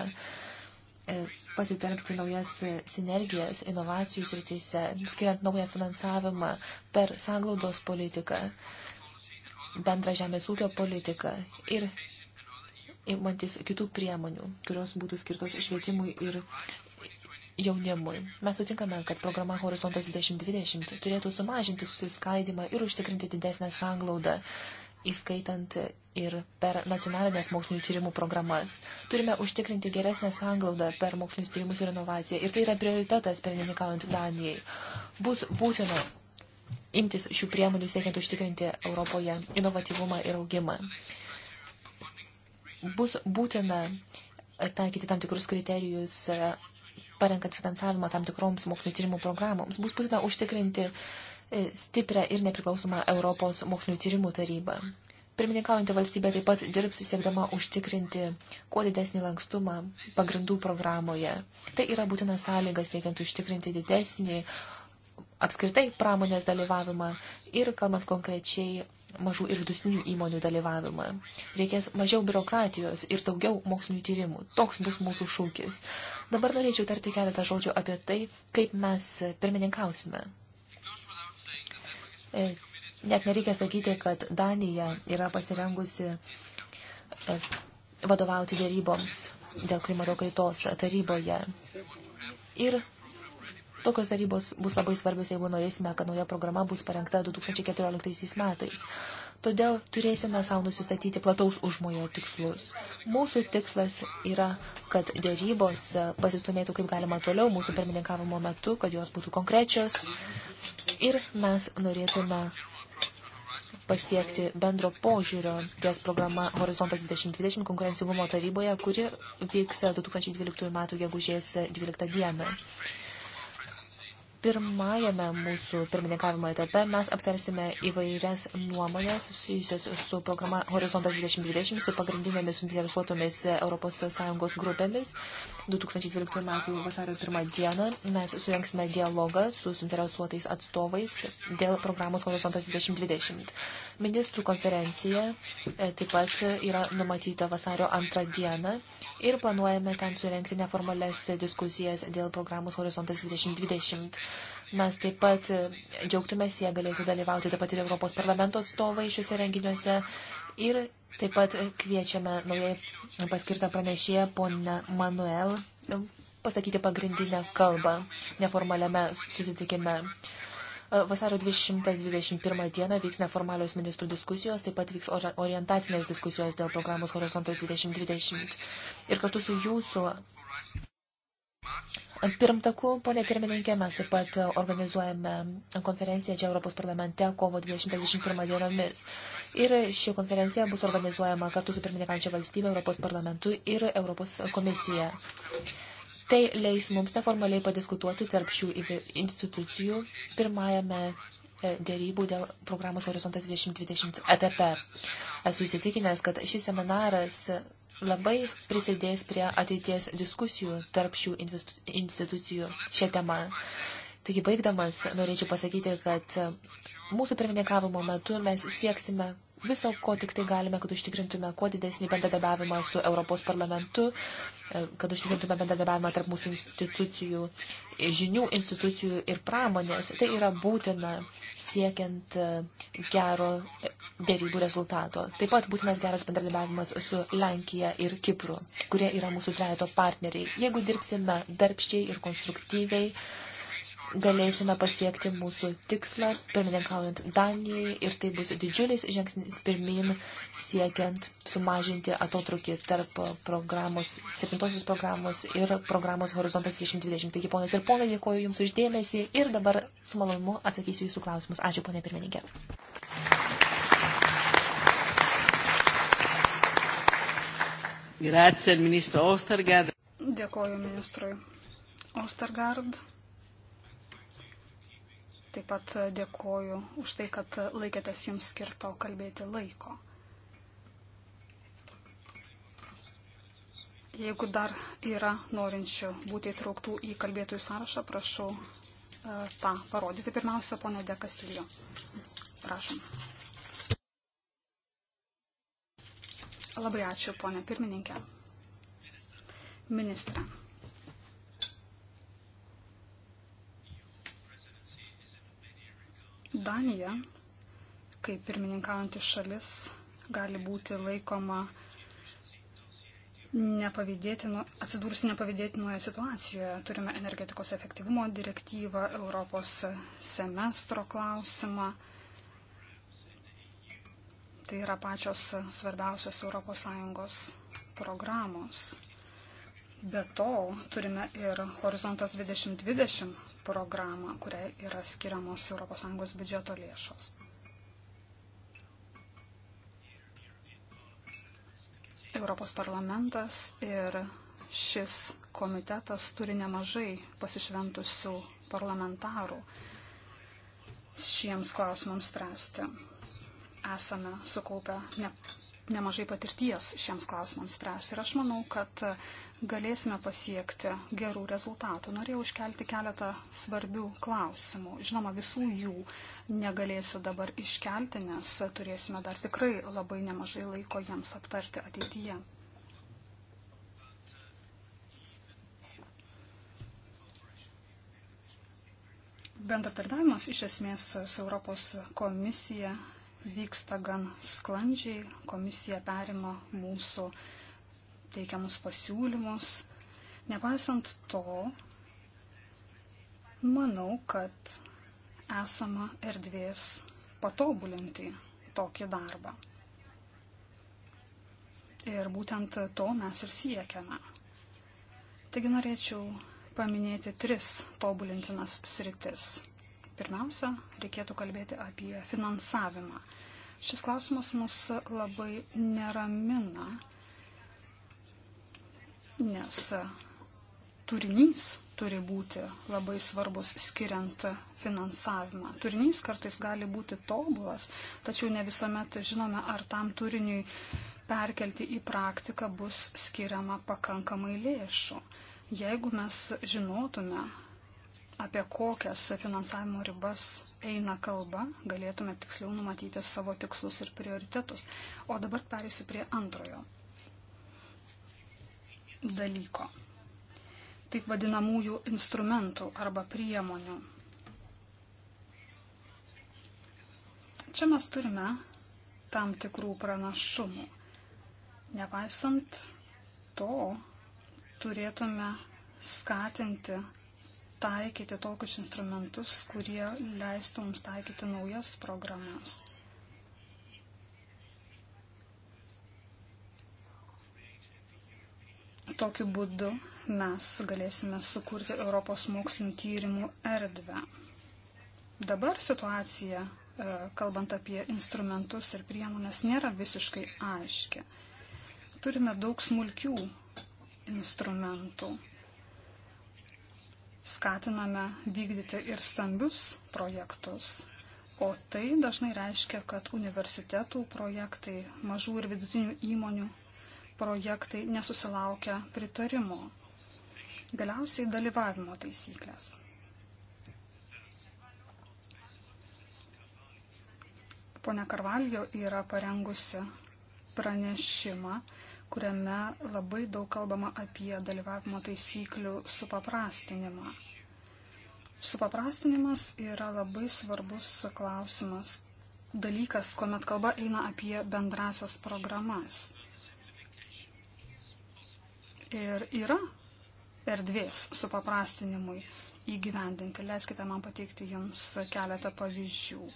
e, pasitelkti naujas sinergijas inovacijų srityse, skiriant naują finansavimą per sanglaudos politiką, bendrą žemės ūkio politiką ir imantis kitų priemonių, kurios būtų skirtos švietimui ir jaunimui. Mes sutinkame, kad programa Horizontas 2020 turėtų sumažinti susiskaidimą ir užtikrinti didesnę sanglaudą įskaitant ir per nacionalinės mokslinių tyrimų programas. Turime užtikrinti geresnę sanglaudą per mokslinius tyrimus ir inovaciją. Ir tai yra prioritetas pirmininkaujant Danijai. Bus būtina imtis šių priemonių siekiant užtikrinti Europoje inovatyvumą ir augimą. Bus būtina taikyti tam tikrus kriterijus, parenkant finansavimą tam tikroms mokslinio tyrimų programoms. Bus būtina užtikrinti uh, E, stiprią ir nepriklausomą Europos mokslinių tyrimų tarybą. Pirmininkaujantį valstybę taip pat dirbs siekdama užtikrinti kuo didesnį lankstumą pagrindų programoje. Tai yra būtina sąlyga siekiant užtikrinti didesnį apskritai pramonės dalyvavimą ir, kalbant konkrečiai, mažų ir vidutinių įmonių dalyvavimą. Reikės mažiau biurokratijos ir daugiau mokslinių tyrimų. Toks bus mūsų šūkis. Dabar norėčiau tarti keletą žodžių apie tai, kaip mes pirmininkausime. Net nereikia sakyti, kad Danija yra pasirengusi e, vadovauti dėryboms dėl klimato kaitos taryboje. Ir tokios darybos bus labai svarbios, jeigu norėsime, kad nauja programa bus parengta 2014 metais. Todėl turėsime savo nusistatyti plataus užmojo tikslus. Mūsų tikslas yra, kad dėrybos pasistumėtų kaip galima toliau mūsų pirmininkavimo metu, kad jos būtų konkrečios. Ir mes norėtume pasiekti bendro požiūrio ties programa Horizontas 2020 konkurencingumo taryboje, kuri vyks 2012 m. gegužės 12 dieną. Pirmajame mūsų pirmininkavimo etape mes aptarsime įvairias nuomonės susijusias su programa Horizontas 2020, su pagrindinėmis suinteresuotomis ES grupėmis, 2012 m. vasario 1 dieną mes surinksime dialogą su suinteresuotais atstovais dėl programos Horizontas 2020. Ministrų konferencija e, taip pat yra numatyta vasario 2 dieną ir planuojame ten surinkti neformales diskusijas dėl programos Horizontas 2020. Mes taip pat e, džiaugtumės, jie galėtų dalyvauti taip pat ir Europos parlamento atstovai šiuose renginiuose ir Taip pat kviečiame naujai paskirtą pranešėją ponę Manuel pasakyti pagrindinę kalbą neformaliame susitikime. Vasario 221 dieną vyks neformalios ministrų diskusijos, taip pat vyks orientacinės diskusijos dėl programos Horizontas 2020. Ir kartu su jūsų pirmtakų, ponė pirmininkė, mes taip pat organizuojame konferenciją čia Europos parlamente kovo 20-21 dienomis. Ir ši konferencija bus organizuojama kartu su pirmininkančia valstybė, Europos parlamentu ir Europos komisija. Tai leis mums neformaliai padiskutuoti tarp šių institucijų pirmajame e, dėrybų dėl programos Horizontas 2020 etape. Esu įsitikinęs, kad šis seminaras labai prisidės prie ateities diskusijų tarp šių institucijų šią temą. Taigi, baigdamas, norėčiau pasakyti, kad mūsų pirmininkavimo metu mes sieksime viso, ko tik tai galime, kad užtikrintume kuo didesnį bendradarbiavimą su Europos parlamentu, kad užtikrintume bendradarbiavimą tarp mūsų institucijų, žinių institucijų ir pramonės. Tai yra būtina siekiant gero dėrybų rezultato. Taip pat būtinas geras bendradarbiavimas su Lenkija ir Kipru, kurie yra mūsų trejato partneriai. Jeigu dirbsime darbščiai ir konstruktyviai, galėsime pasiekti mūsų tikslą, pirmininkaujant Danijai, ir tai bus didžiulis žingsnis pirmin siekiant sumažinti atotrukį tarp programos, septintosios programos ir programos Horizontas 2020. Taigi, ponas ir ponai, dėkoju Jums uždėmesį ir dabar su malonumu atsakysiu Jūsų klausimus. Ačiū, ponė pirmininkė. Grazie, ministro Ostergaard. Dėkoju ministrui Ostergaard. Taip pat dėkoju už tai, kad laikėtės jums skirto kalbėti laiko. Jeigu dar yra norinčių būti įtrauktų į kalbėtojų sąrašą, prašau e, tą parodyti. Pirmiausia, ponė Dekastilio. Prašom. Labai ačiū, ponė pirmininkė. Ministra. Danija, kaip pirmininkaujantis šalis, gali būti laikoma nepavydėtino, atsidūrusi nepavydėtinoje situacijoje. Turime energetikos efektyvumo direktyvą, Europos semestro klausimą. Tai yra pačios svarbiausios ES programos. Be to, turime ir Horizontas 2020 programą, kuriai yra skiriamos ES biudžeto lėšos. Europos parlamentas ir šis komitetas turi nemažai pasišventusių parlamentarų šiems klausimams spręsti esame sukaupę ne, nemažai patirties šiems klausimams spręsti ir aš manau, kad galėsime pasiekti gerų rezultatų. Norėjau iškelti keletą svarbių klausimų. Žinoma, visų jų negalėsiu dabar iškelti, nes turėsime dar tikrai labai nemažai laiko jiems aptarti ateityje. bendradarbiavimas iš esmės su Europos komisija vyksta gan sklandžiai, komisija perima mūsų teikiamus pasiūlymus. Nepaisant to, manau, kad esama erdvės patobulinti tokį darbą. Ir būtent to mes ir siekiame. Taigi norėčiau paminėti tris tobulintinas sritis. Pirmiausia, reikėtų kalbėti apie finansavimą. Šis klausimas mus labai neramina, nes turinys turi būti labai svarbus skiriant finansavimą. Turinys kartais gali būti tobulas, tačiau ne visuomet žinome, ar tam turiniui perkelti į praktiką bus skiriama pakankamai lėšų. Jeigu mes žinotume, apie kokias finansavimo ribas eina kalba, galėtume tiksliau numatyti savo tikslus ir prioritetus. O dabar perėsiu prie antrojo dalyko. Taip vadinamųjų instrumentų arba priemonių. Čia mes turime tam tikrų pranašumų. Nepaisant to, turėtume skatinti taikyti tokius instrumentus, kurie leistų mums taikyti naujas programas. Tokiu būdu mes galėsime sukurti Europos mokslinių tyrimų erdvę. Dabar situacija, e, kalbant apie instrumentus ir priemonės, nėra visiškai aiški. Turime daug smulkių instrumentų skatiname vykdyti ir stambius projektus. O tai dažnai reiškia, kad universitetų projektai, mažų ir vidutinių įmonių projektai nesusilaukia pritarimo. Galiausiai dalyvavimo taisyklės. Pone Karvaljo yra parengusi pranešimą kuriame labai daug kalbama apie dalyvavimo taisyklių supaprastinimą. Supaprastinimas yra labai svarbus klausimas, dalykas, kuomet kalba eina apie bendrasias programas. Ir yra erdvės supaprastinimui įgyvendinti. Leiskite man pateikti Jums keletą pavyzdžių.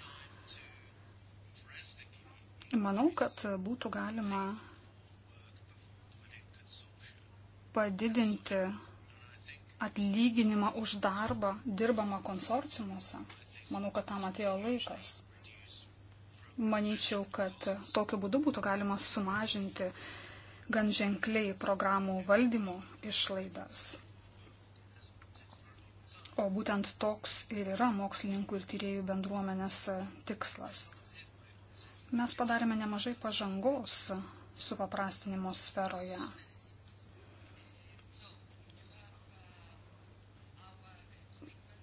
Manau, kad būtų galima padidinti atlyginimą už darbą dirbamą konsorciumuose. Manau, kad tam atėjo laikas. Manyčiau, kad tokiu būdu būtų galima sumažinti gan ženkliai programų valdymo išlaidas. O būtent toks ir yra mokslininkų ir tyriejų bendruomenės tikslas. Mes padarėme nemažai pažangos supaprastinimo sferoje.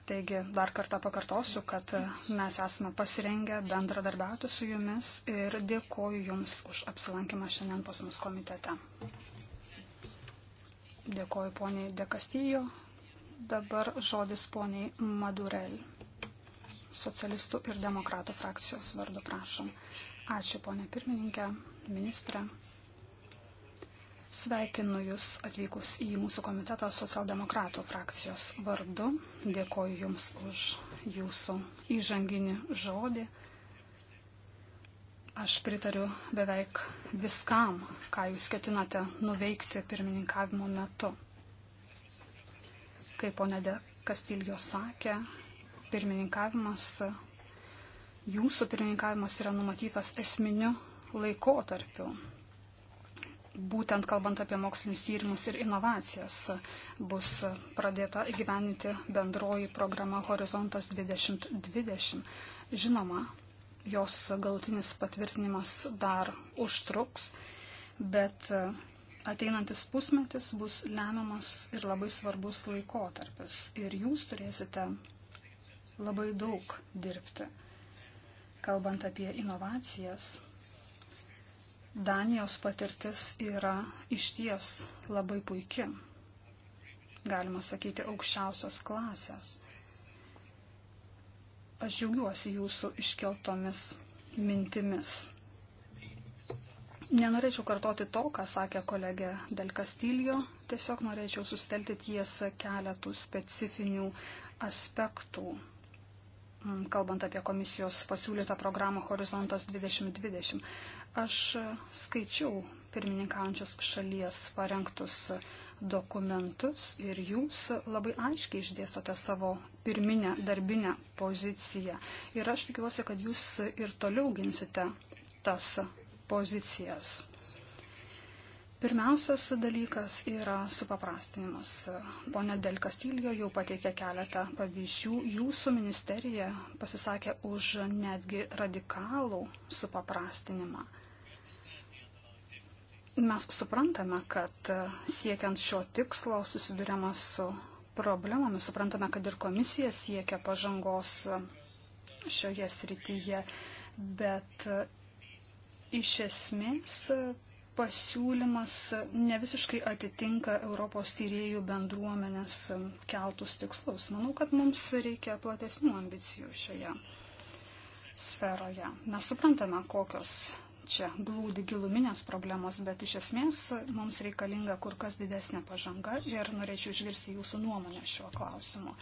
Taigi dar kartą pakartosiu, kad mes esame pasirengę bendradarbiauti su jumis ir dėkoju jums už apsilankymą šiandien pas mus komitete. Dėkoju poniai Dekastijo. Dabar žodis poniai Madurel. Socialistų ir demokratų frakcijos vardu prašom. Ačiū ponė pirmininkė, ministrė. Sveikinu Jūs atvykus į mūsų komitetą socialdemokratų frakcijos vardu. Dėkoju Jums už Jūsų įžanginį žodį. Aš pritariu beveik viskam, ką Jūs ketinate nuveikti pirmininkavimo metu. Kaip ponė De Kastiljo sakė, pirmininkavimas, Jūsų pirmininkavimas yra numatytas esminiu laikotarpiu būtent kalbant apie mokslinius tyrimus ir inovacijas, bus pradėta įgyveninti bendroji programa Horizontas 2020. Žinoma, jos galutinis patvirtinimas dar užtruks, bet ateinantis pusmetis bus lemiamas ir labai svarbus laikotarpis. Ir jūs turėsite labai daug dirbti. Kalbant apie inovacijas, Danijos patirtis yra išties labai puiki, galima sakyti, aukščiausios klasės. Aš džiaugiuosi jūsų iškeltomis mintimis. Nenorėčiau kartoti to, ką sakė kolegė Del Castillo, tiesiog norėčiau sustelti ties keletų specifinių aspektų kalbant apie komisijos pasiūlytą programą Horizontas 2020. Aš skaičiau pirmininkaujančios šalies parengtus dokumentus ir jūs labai aiškiai išdėstote savo pirminę darbinę poziciją. Ir aš tikiuosi, kad jūs ir toliau ginsite tas pozicijas. Pirmiausias dalykas yra supaprastinimas. Pone Del Castillo jau pateikė keletą pavyzdžių. Jūsų ministerija pasisakė už netgi radikalų supaprastinimą. Mes suprantame, kad siekiant šio tikslo susidurėma su problemomis. Suprantame, kad ir komisija siekia pažangos šioje srityje, bet iš esmės pasiūlymas ne visiškai atitinka Europos tyriejų bendruomenės keltus tikslus. Manau, kad mums reikia platesnių ambicijų šioje sferoje. Mes suprantame, kokios čia glūdi giluminės problemos, bet iš esmės mums reikalinga kur kas didesnė pažanga ir norėčiau išgirsti jūsų nuomonę šiuo klausimu.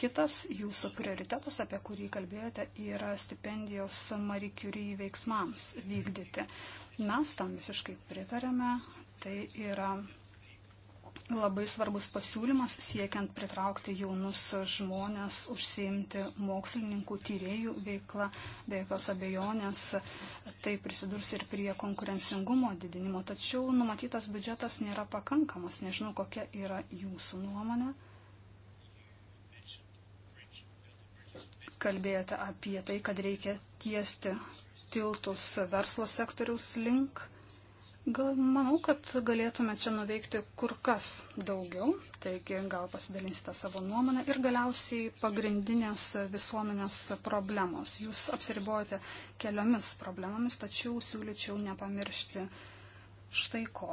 Kitas jūsų prioritetas, apie kurį kalbėjote, yra stipendijos Marie Curie veiksmams vykdyti. Mes tam visiškai pritarėme. Tai yra labai svarbus pasiūlymas siekiant pritraukti jaunus žmonės užsiimti mokslininkų tyriejų veiklą. Be jokios abejonės tai prisidurs ir prie konkurencingumo didinimo. Tačiau numatytas biudžetas nėra pakankamas. Nežinau, kokia yra jūsų nuomonė. Kalbėjote apie tai, kad reikia tiesti tiltus verslo sektoriaus link. Gal manau, kad galėtume čia nuveikti kur kas daugiau, taigi gal pasidalinsite savo nuomonę ir galiausiai pagrindinės visuomenės problemos. Jūs apsiribojate keliomis problemomis, tačiau siūlyčiau nepamiršti štai ko.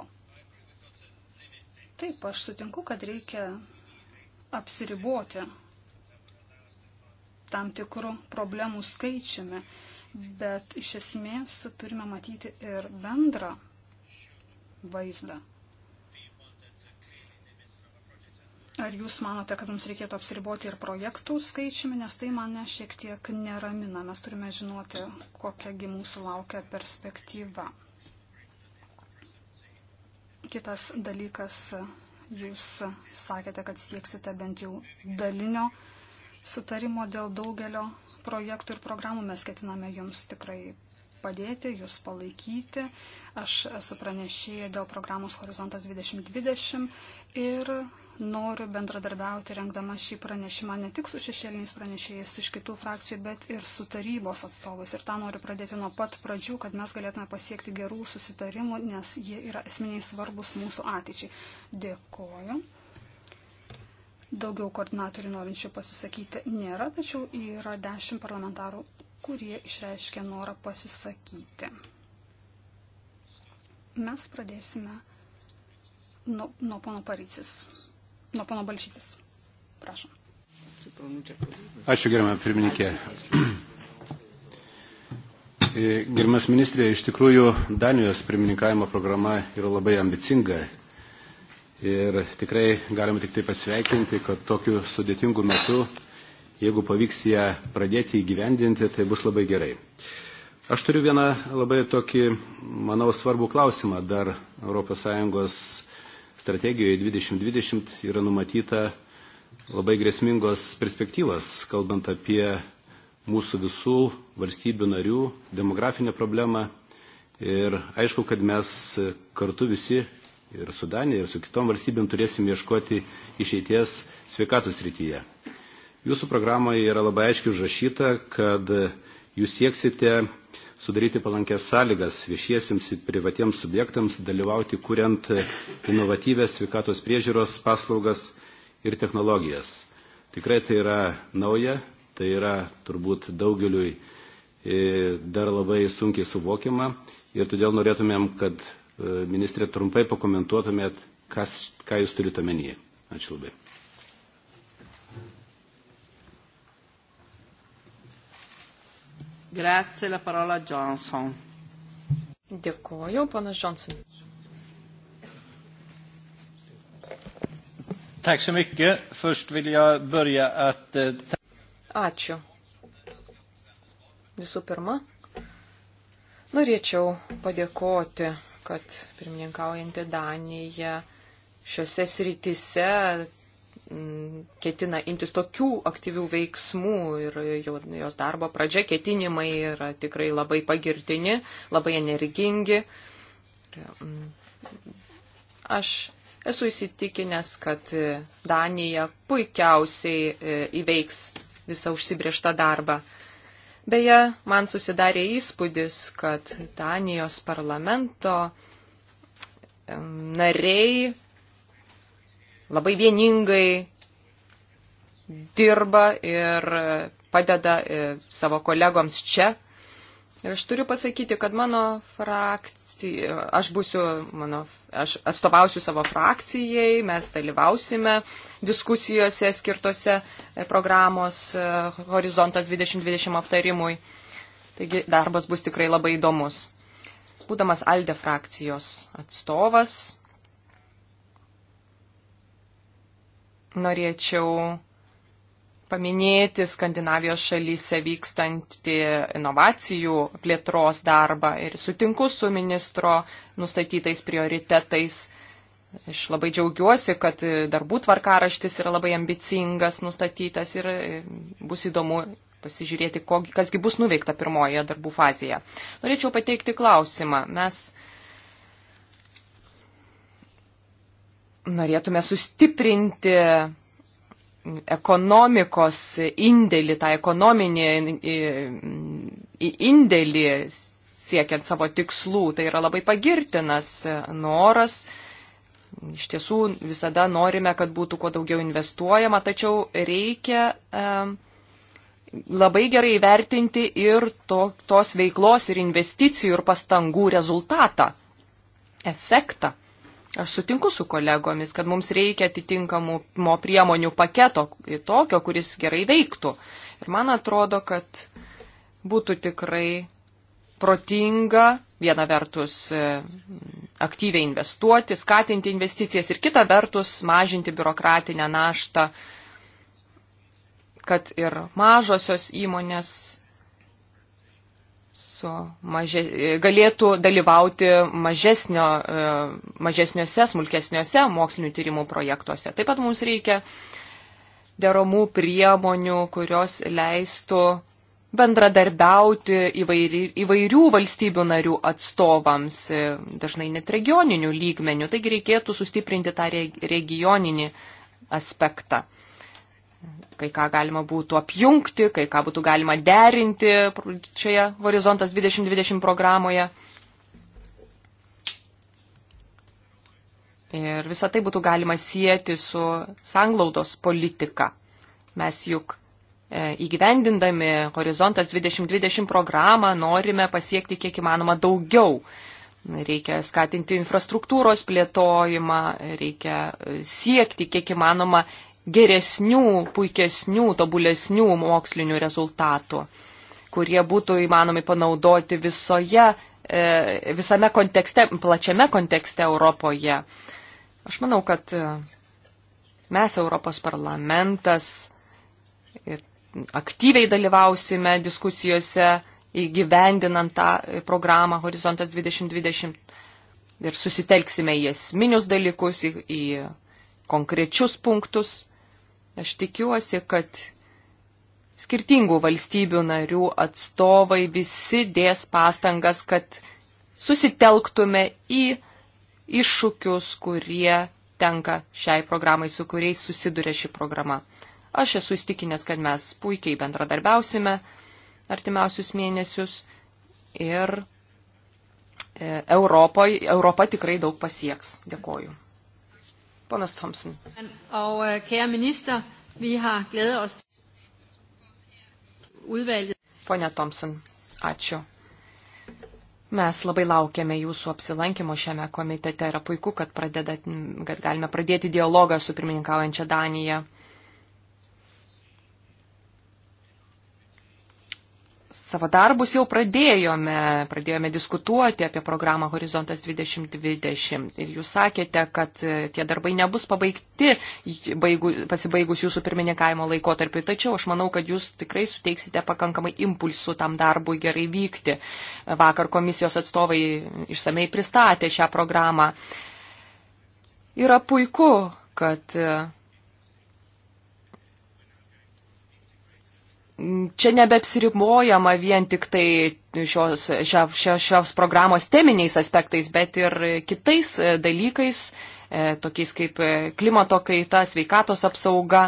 Taip, aš sutinku, kad reikia apsiriboti tam tikrų problemų skaičiumi bet iš esmės turime matyti ir bendrą vaizdą. Ar jūs manote, kad mums reikėtų apsiriboti ir projektų skaičiumi, nes tai mane šiek tiek neramina. Mes turime žinoti, kokiagi mūsų laukia perspektyva. Kitas dalykas, jūs sakėte, kad sieksite bent jau dalinio sutarimo dėl daugelio projektų ir programų mes ketiname jums tikrai padėti, jūs palaikyti. Aš esu pranešėję dėl programos Horizontas 2020 ir noriu bendradarbiauti rengdama šį pranešimą ne tik su šešėliniais pranešėjais iš kitų frakcijų, bet ir su tarybos atstovais. Ir tą noriu pradėti nuo pat pradžių, kad mes galėtume pasiekti gerų susitarimų, nes jie yra esminiai svarbus mūsų ateičiai. Dėkoju. Daugiau koordinatorių norinčių pasisakyti nėra, tačiau yra dešimt parlamentarų, kurie išreiškė norą pasisakyti. Mes pradėsime nuo, nuo pono Parycis, nuo pono Balšytis. Prašom. Ačiū gerbiamą pirmininkę. E, gerbiamas ministrė, iš tikrųjų Danijos pirmininkavimo programa yra labai ambicinga Ir tikrai galima tik tai pasveikinti, kad tokiu sudėtingu metu, jeigu pavyks ją pradėti įgyvendinti, tai bus labai gerai. Aš turiu vieną labai tokį, manau, svarbų klausimą. Dar ES strategijoje 2020 yra numatyta labai grėsmingos perspektyvos, kalbant apie mūsų visų valstybių narių demografinę problemą. Ir aišku, kad mes kartu visi ir su Danija, ir su kitom valstybėm turėsim ieškoti išeities sveikatos rytyje. Jūsų programoje yra labai aiškiai užrašyta, kad jūs sieksite sudaryti palankės sąlygas viešiesiems ir privatiems subjektams dalyvauti kuriant inovatyvės sveikatos priežiūros paslaugas ir technologijas. Tikrai tai yra nauja, tai yra turbūt daugeliui e, dar labai sunkiai suvokiama ir todėl norėtumėm, kad E, ministrė, trumpai pakomentuotumėt, kas, ką jūs turite omenyje. Ačiū labai. Grazie, la parola Johnson. Dėkoju, panas Johnson. Tack så mycket. Först vill jag börja att... Eh, Ačiū. Visų pirma, norėčiau padėkoti kad pirmininkaujantį Daniją šiuose srityse mm, ketina imtis tokių aktyvių veiksmų ir jos darbo pradžia ketinimai yra tikrai labai pagirtini, labai energingi. Mm, aš esu įsitikinęs, kad Danija puikiausiai e, įveiks visą užsibrieštą darbą. Beje, man susidarė įspūdis, kad Danijos parlamento nariai labai vieningai dirba ir padeda e, savo kolegoms čia. Ir aš turiu pasakyti, kad mano frakcija, aš būsiu mano aš atstovausiu savo frakcijai, mes dalyvausime diskusijose skirtose e, programos e, Horizontas 2020 aptarimui. Taigi darbas bus tikrai labai įdomus. Būdamas Alde frakcijos atstovas, norėčiau paminėti Skandinavijos šalyse vykstantį inovacijų plėtros darbą ir sutinku su ministro nustatytais prioritetais. Aš labai džiaugiuosi, kad darbų tvarkaraštis yra labai ambicingas, nustatytas ir bus įdomu pasižiūrėti, kasgi bus nuveikta pirmoje darbų fazėje. Norėčiau pateikti klausimą. Mes norėtume sustiprinti ekonomikos indėlį, tą ekonominį e, indėlį siekiant savo tikslų. Tai yra labai pagirtinas noras. Iš tiesų visada norime, kad būtų kuo daugiau investuojama, tačiau reikia e, labai gerai vertinti ir to, tos veiklos ir investicijų ir pastangų rezultatą, efektą. Aš sutinku su kolegomis, kad mums reikia atitinkamų priemonių paketo, tokio, kuris gerai veiktų. Ir man atrodo, kad būtų tikrai protinga viena vertus e, aktyviai investuoti, skatinti investicijas ir kita vertus mažinti biurokratinę naštą, kad ir mažosios įmonės maže, galėtų dalyvauti mažesnio, e, mažesniuose, smulkesniuose mokslinių tyrimų projektuose. Taip pat mums reikia deramų priemonių, kurios leistų bendradarbiauti įvairi, įvairių valstybių narių atstovams, e, dažnai net regioninių lygmenių. Taigi reikėtų sustiprinti tą regioninį aspektą kai ką galima būtų apjungti, kai ką būtų galima derinti šioje Horizontas 2020 programoje. Ir visą tai būtų galima sieti su sanglaudos politika. Mes juk e, įgyvendindami Horizontas 2020 programą norime pasiekti kiek įmanoma daugiau. Reikia skatinti infrastruktūros plėtojimą, reikia e, siekti kiek įmanoma geresnių, puikesnių, tobulesnių mokslinių rezultatų, kurie būtų įmanomi panaudoti visoje, e, visame kontekste, plačiame kontekste Europoje. Aš manau, kad e, mes, Europos parlamentas, aktyviai dalyvausime diskusijose įgyvendinant tą programą Horizontas 2020 ir susitelksime į esminius dalykus, į, į konkrečius punktus Aš tikiuosi, kad skirtingų valstybių narių atstovai visi dės pastangas, kad susitelktume į iššūkius, kurie tenka šiai programai, su kuriais susiduria ši programa. Aš esu įstikinęs, kad mes puikiai bendradarbiausime artimiausius mėnesius ir e, Europoje, Europa tikrai daug pasieks. Dėkoju. Ponas Thompson. Og øh, kære minister, vi har glædet os til udvalget. Pone Thompson, ačiū. Mes labai laukiame jūsų apsilankimo šiame komitete. Yra puiku, kad, pradedat, kad galime pradėti dialogą su pirmininkaujančia Danija. savo darbus jau pradėjome, pradėjome diskutuoti apie programą Horizontas 2020. Ir jūs sakėte, kad e, tie darbai nebus pabaigti baigu, pasibaigus jūsų pirmininkavimo laikotarpiu. Tačiau aš manau, kad jūs tikrai suteiksite pakankamai impulsų tam darbui gerai vykti. Vakar komisijos atstovai išsamei pristatė šią programą. Yra puiku, kad e, čia nebeapsiribojama vien tik tai šios, šios, šios, šios programos teminiais aspektais, bet ir kitais e, dalykais, e, tokiais kaip e, klimato kaita, sveikatos apsauga,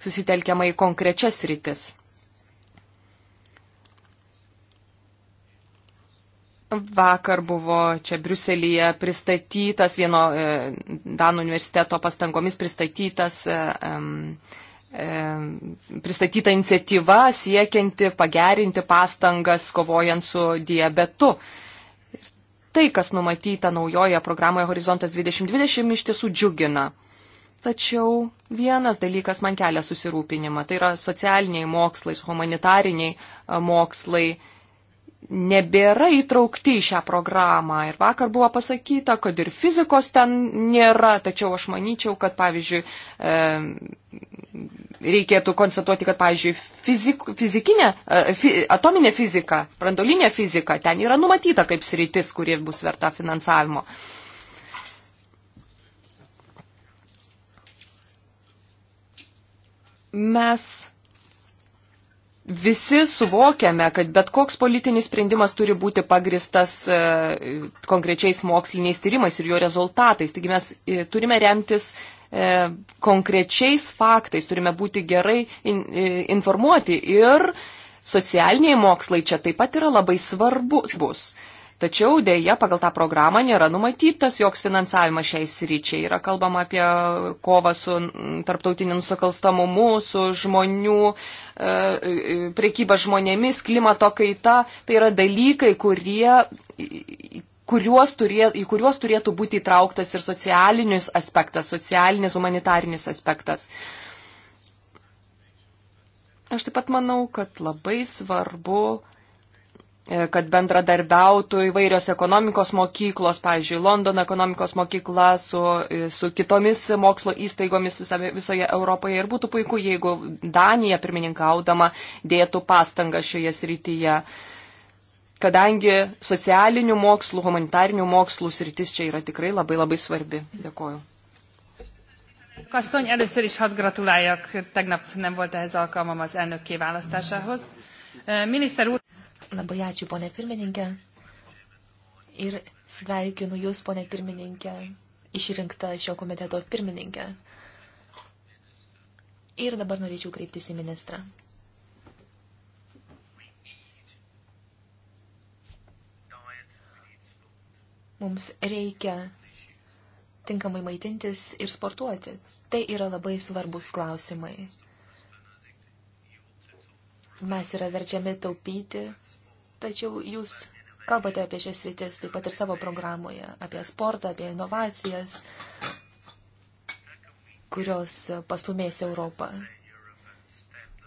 susitelkiama į konkrečias rytis. Vakar buvo čia Briuselyje pristatytas, vieno Danų universiteto pastangomis pristatytas um, E, pristatyta iniciatyva siekianti pagerinti pastangas kovojant su diabetu. Ir tai, kas numatyta naujoje programoje Horizontas 2020, iš tiesų džiugina. Tačiau vienas dalykas man kelia susirūpinimą, tai yra socialiniai mokslai, humanitariniai e, mokslai nebėra įtraukti į šią programą. Ir vakar buvo pasakyta, kad ir fizikos ten nėra, tačiau aš manyčiau, kad pavyzdžiui, e, reikėtų konstatuoti, kad, pavyzdžiui, fizik, fizikinė, e, fi, atominė fizika, brandolinė fizika, ten yra numatyta kaip sritis, kurie bus verta finansavimo. Mes visi suvokiame, kad bet koks politinis sprendimas turi būti pagristas e, konkrečiais moksliniais tyrimais ir jo rezultatais. Taigi mes e, turime remtis E, konkrečiais faktais, turime būti gerai in, e, informuoti ir socialiniai mokslai čia taip pat yra labai svarbus. Bus. Tačiau dėja pagal tą programą nėra numatytas joks finansavimas šiai sryčiai. Yra kalbama apie kovą su tarptautiniu nusikalstamumu, su žmonių e, e, prekyba žmonėmis, klimato kaita. Tai yra dalykai, kurie kuriuos turė, į kuriuos turėtų būti įtrauktas ir socialinis aspektas, socialinis humanitarinis aspektas. Aš taip pat manau, kad labai svarbu, e, kad bendradarbiautų įvairios ekonomikos mokyklos, pavyzdžiui, Londono ekonomikos mokykla su, e, su kitomis mokslo įstaigomis visame, visoje Europoje. Ir būtų puiku, jeigu Danija pirmininkaudama dėtų pastangą šioje srityje. Uh, kadangi socialinių mokslų, humanitarinių mokslų sritis čia yra tikrai labai labai svarbi. Dėkoju. Asszony, először is hadd gratuláljak, tegnap nem volt ehhez alkalmam az elnök kiválasztásához. Miniszter úr... Labai ačiū, ponė pirmininkė. Ir sveikinu Jūs, ponė pirmininkė, išrinkta šio komiteto pirmininkė. Ir dabar norėčiau kreiptis į ministrą. Mums reikia tinkamai maitintis ir sportuoti. Tai yra labai svarbus klausimai. Mes yra verčiami taupyti, tačiau jūs kalbate apie šias rytis, taip pat ir savo programoje, apie sportą, apie inovacijas, kurios pastumės Europą.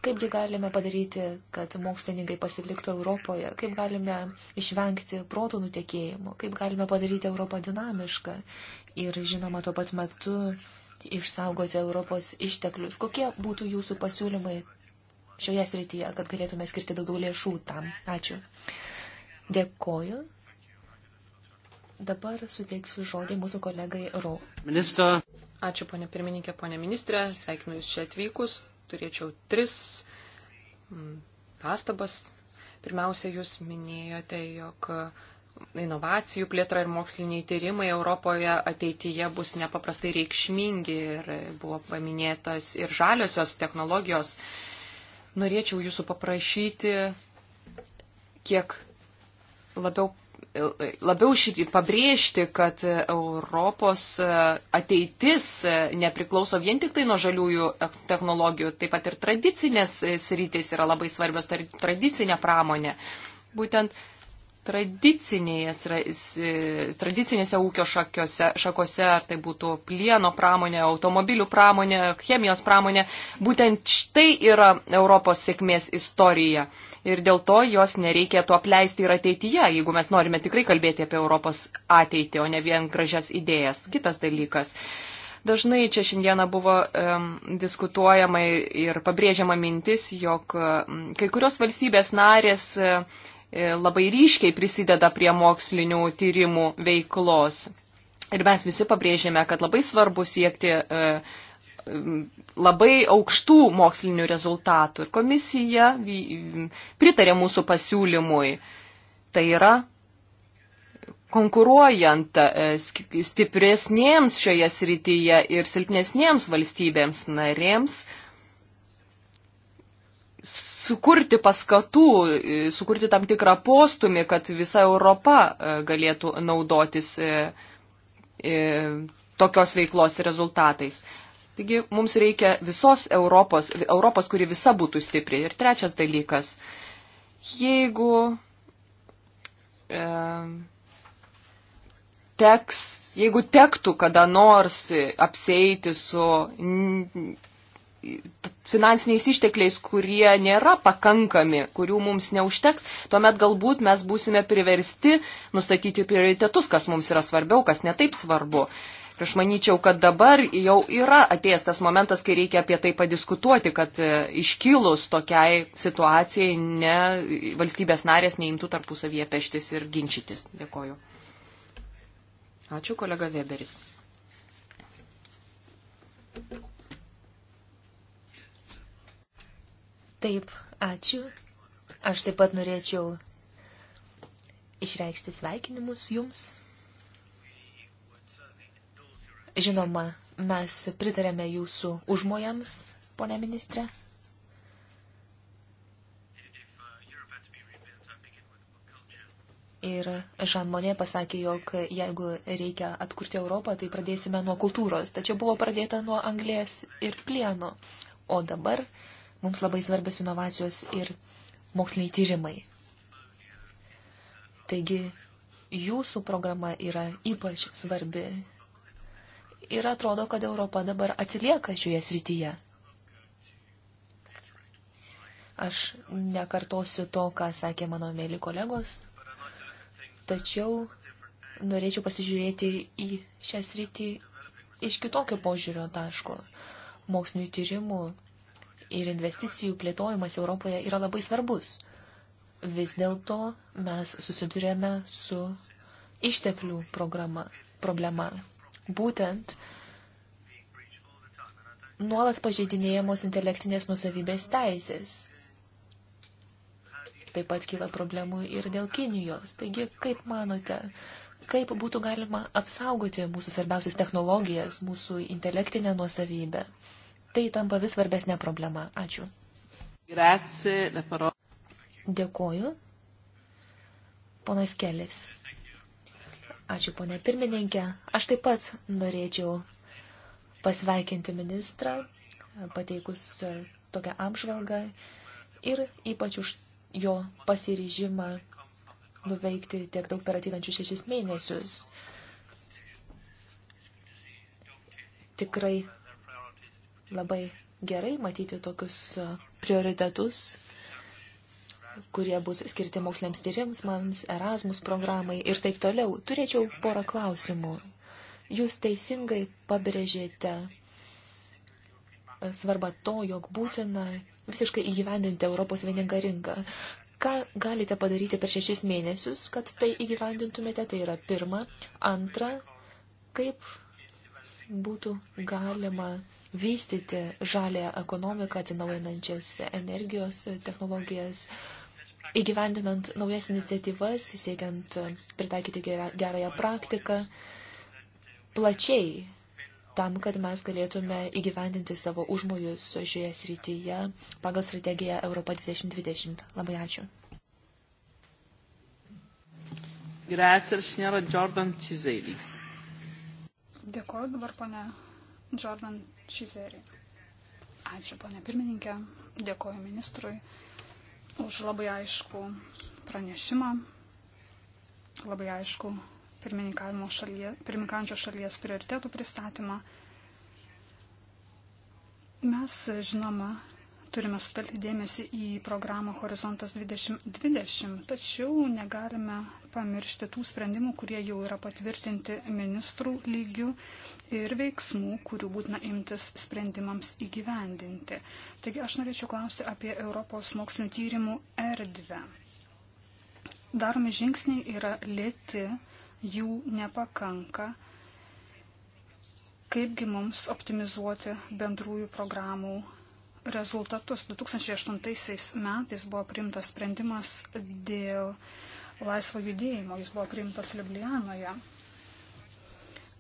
Kaipgi galime padaryti, kad mokslininkai pasiliktų Europoje, kaip galime išvengti protų nutekėjimo, kaip galime padaryti Europą dinamišką ir, žinoma, tuo pat metu išsaugoti Europos išteklius. Kokie būtų jūsų pasiūlymai šioje srityje, kad galėtume skirti daugiau lėšų tam? Ačiū. Dėkoju. Dabar suteiksiu žodį mūsų kolegai Rau. Ministra. Ačiū, ponė pirmininkė, ponė ministrė. Sveikinu Jūs čia atvykus turėčiau tris mm, pastabas. Pirmiausia, jūs minėjote, jog inovacijų plėtra ir moksliniai tyrimai Europoje ateityje bus nepaprastai reikšmingi ir buvo paminėtas ir žaliosios technologijos. Norėčiau jūsų paprašyti, kiek labiau labiau šitį pabrėžti, kad Europos ateitis nepriklauso vien tik tai nuo žaliųjų technologijų, taip pat ir tradicinės sritys yra labai svarbios, tai tradicinė pramonė. Būtent tradicinėse ūkio šakiose, šakose, ar tai būtų plieno pramonė, automobilių pramonė, chemijos pramonė, būtent štai yra Europos sėkmės istorija ir dėl to jos nereikia to apleisti ir ateityje, jeigu mes norime tikrai kalbėti apie Europos ateitį, o ne vien gražias idėjas. Kitas dalykas. Dažnai čia šiandieną buvo um, diskutuojama ir pabrėžiama mintis, jog um, kai kurios valstybės narės um, labai ryškiai prisideda prie mokslinių tyrimų veiklos. Ir mes visi pabrėžėme, kad labai svarbu siekti uh, um, labai aukštų mokslinių rezultatų ir komisija pritarė mūsų pasiūlymui. Tai yra konkuruojant e, stipresniems šioje srityje ir silpnesniems valstybėms narėms, sukurti paskatų, e, sukurti tam tikrą postumį, kad visa Europa e, galėtų naudotis tokios veiklos rezultatais. Taigi mums reikia visos Europos, Europos, kuri visa būtų stipri. Ir trečias dalykas, jeigu e, teks, jeigu tektų kada nors apseiti su finansiniais ištekliais, kurie nėra pakankami, kurių mums neužteks, tuomet galbūt mes būsime priversti nustatyti prioritetus, kas mums yra svarbiau, kas netaip svarbu. Aš manyčiau, kad dabar jau yra atėjęs tas momentas, kai reikia apie tai padiskutuoti, kad e, iškilus tokiai situacijai ne, valstybės narės neimtų tarpusavyje peštis ir ginčytis. Dėkoju. Ačiū, kolega Weberis. Taip, ačiū. Aš taip pat norėčiau išreikšti sveikinimus jums Žinoma, mes pritarėme jūsų užmojams, ponė ministrė. Ir Žan Monė pasakė, jog jeigu reikia atkurti Europą, tai pradėsime nuo kultūros. Tačiau buvo pradėta nuo anglės ir plieno. O dabar mums labai svarbios inovacijos ir moksliniai tyrimai. Taigi jūsų programa yra ypač svarbi ir atrodo, kad Europa dabar atsilieka šioje srityje. Aš nekartosiu to, ką sakė mano mėly kolegos, tačiau norėčiau pasižiūrėti į šią sritį iš kitokio požiūrio taško. Mokslinių tyrimų ir investicijų plėtojimas Europoje yra labai svarbus. Vis dėlto mes susidurėme su išteklių programa, problema būtent nuolat pažeidinėjamos intelektinės nusavybės teisės. Taip pat kyla problemų ir dėl Kinijos. Taigi, kaip manote, kaip būtų galima apsaugoti mūsų svarbiausias technologijas, mūsų intelektinę nuosavybę? Tai tampa vis svarbesnė problema. Ačiū. Grazie, Dėkoju. Ponas Kelis. Ačiū, ponė pirmininkė. Aš taip pat norėčiau pasveikinti ministrą, pateikus tokią apžvalgą ir ypač už jo pasiryžimą nuveikti tiek daug per ateinančius šešis mėnesius. Tikrai labai gerai matyti tokius prioritetus kurie bus skirti moksliams tyrimams, Erasmus programai ir taip toliau. Turėčiau porą klausimų. Jūs teisingai pabrėžėte svarbą to, jog būtina visiškai įgyvendinti Europos vieningą rinką. Ką galite padaryti per šešis mėnesius, kad tai įgyvendintumėte? Tai yra pirma. Antra, kaip būtų galima vystyti žalę ekonomiką, atsinaujinančias energijos technologijas, įgyvendinant naujas iniciatyvas, siekiant e, pritaikyti gerąją praktiką plačiai tam, kad mes galėtume įgyvendinti savo užmojus šioje srityje pagal strategiją Europa 2020. Labai ačiū. Grazie, signora Jordan Cizeli. Dėkuoju dabar, ponia Jordan Cizeli. Ačiū, ponia pirmininkė. Dėkuoju ministrui už labai aišku pranešimą, labai aišku šalie, pirmininkančio šalies prioritėtų pristatymą. Mes, žinoma, turime sutelkti dėmesį į programą Horizontas 2020, tačiau negalime pamiršti tų sprendimų, kurie jau yra patvirtinti ministrų lygių ir veiksmų, kurių būtina imtis sprendimams įgyvendinti. Taigi aš norėčiau klausti apie Europos mokslinio tyrimų erdvę. Daromi žingsniai yra lėti, jų nepakanka kaipgi mums optimizuoti bendrųjų programų rezultatus. 2008 metais buvo priimtas sprendimas dėl laisvo judėjimo. Jis buvo priimtas Ljubljanoje.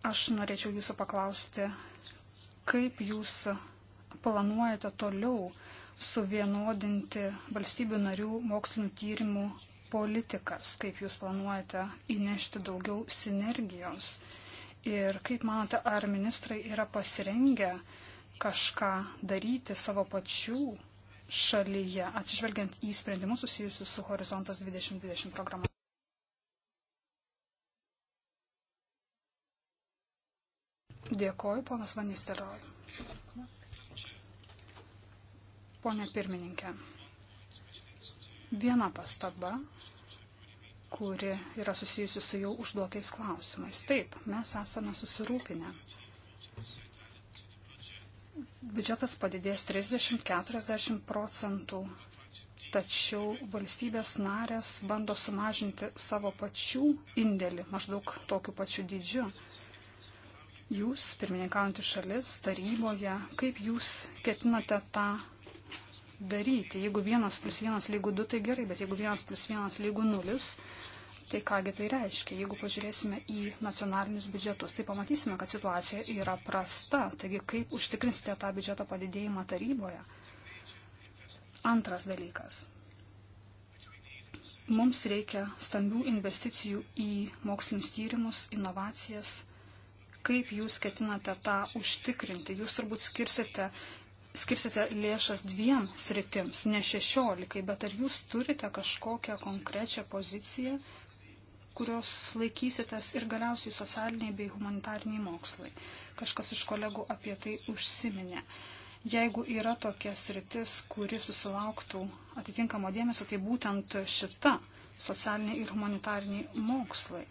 Aš norėčiau jūsų paklausti, kaip jūs planuojate toliau suvienodinti valstybių narių mokslinių tyrimų politikas, kaip jūs planuojate įnešti daugiau sinergijos ir kaip manote, ar ministrai yra pasirengę uh, kažką daryti savo pačių šalyje, atsižvelgiant į sprendimus susijusius su Horizontas 2020 programa. Dėkoju, ponas Vanisteroj. Pone pirmininkė, viena pastaba, kuri yra susijusi su jau užduotais klausimais. Taip, mes esame susirūpinę biudžetas padidės 30-40 procentų, tačiau valstybės narės bando sumažinti savo pačių indėlį maždaug tokiu pačiu dydžiu. Jūs, pirmininkaujantys šalis, taryboje, kaip jūs ketinate tą daryti? Jeigu vienas plus vienas lygų du, tai gerai, bet jeigu vienas plus vienas lygų nulis, Tai kągi tai reiškia? Jeigu pažiūrėsime į nacionalinius biudžetus, tai pamatysime, kad situacija yra prasta. Taigi, kaip užtikrinsite tą biudžeto padidėjimą taryboje? Antras dalykas. Mums reikia stambių investicijų į mokslinius tyrimus, inovacijas. Kaip jūs ketinate tą užtikrinti? Jūs turbūt skirsite skirsite lėšas dviem sritims, ne šešiolikai, bet ar jūs turite kažkokią konkrečią poziciją, kurios laikysitės ir galiausiai socialiniai bei humanitariniai mokslai. Kažkas iš kolegų apie tai užsiminė. Jeigu yra tokia sritis, kuri susilauktų atitinkamo dėmesio, tai būtent šita socialiniai ir humanitariniai mokslai.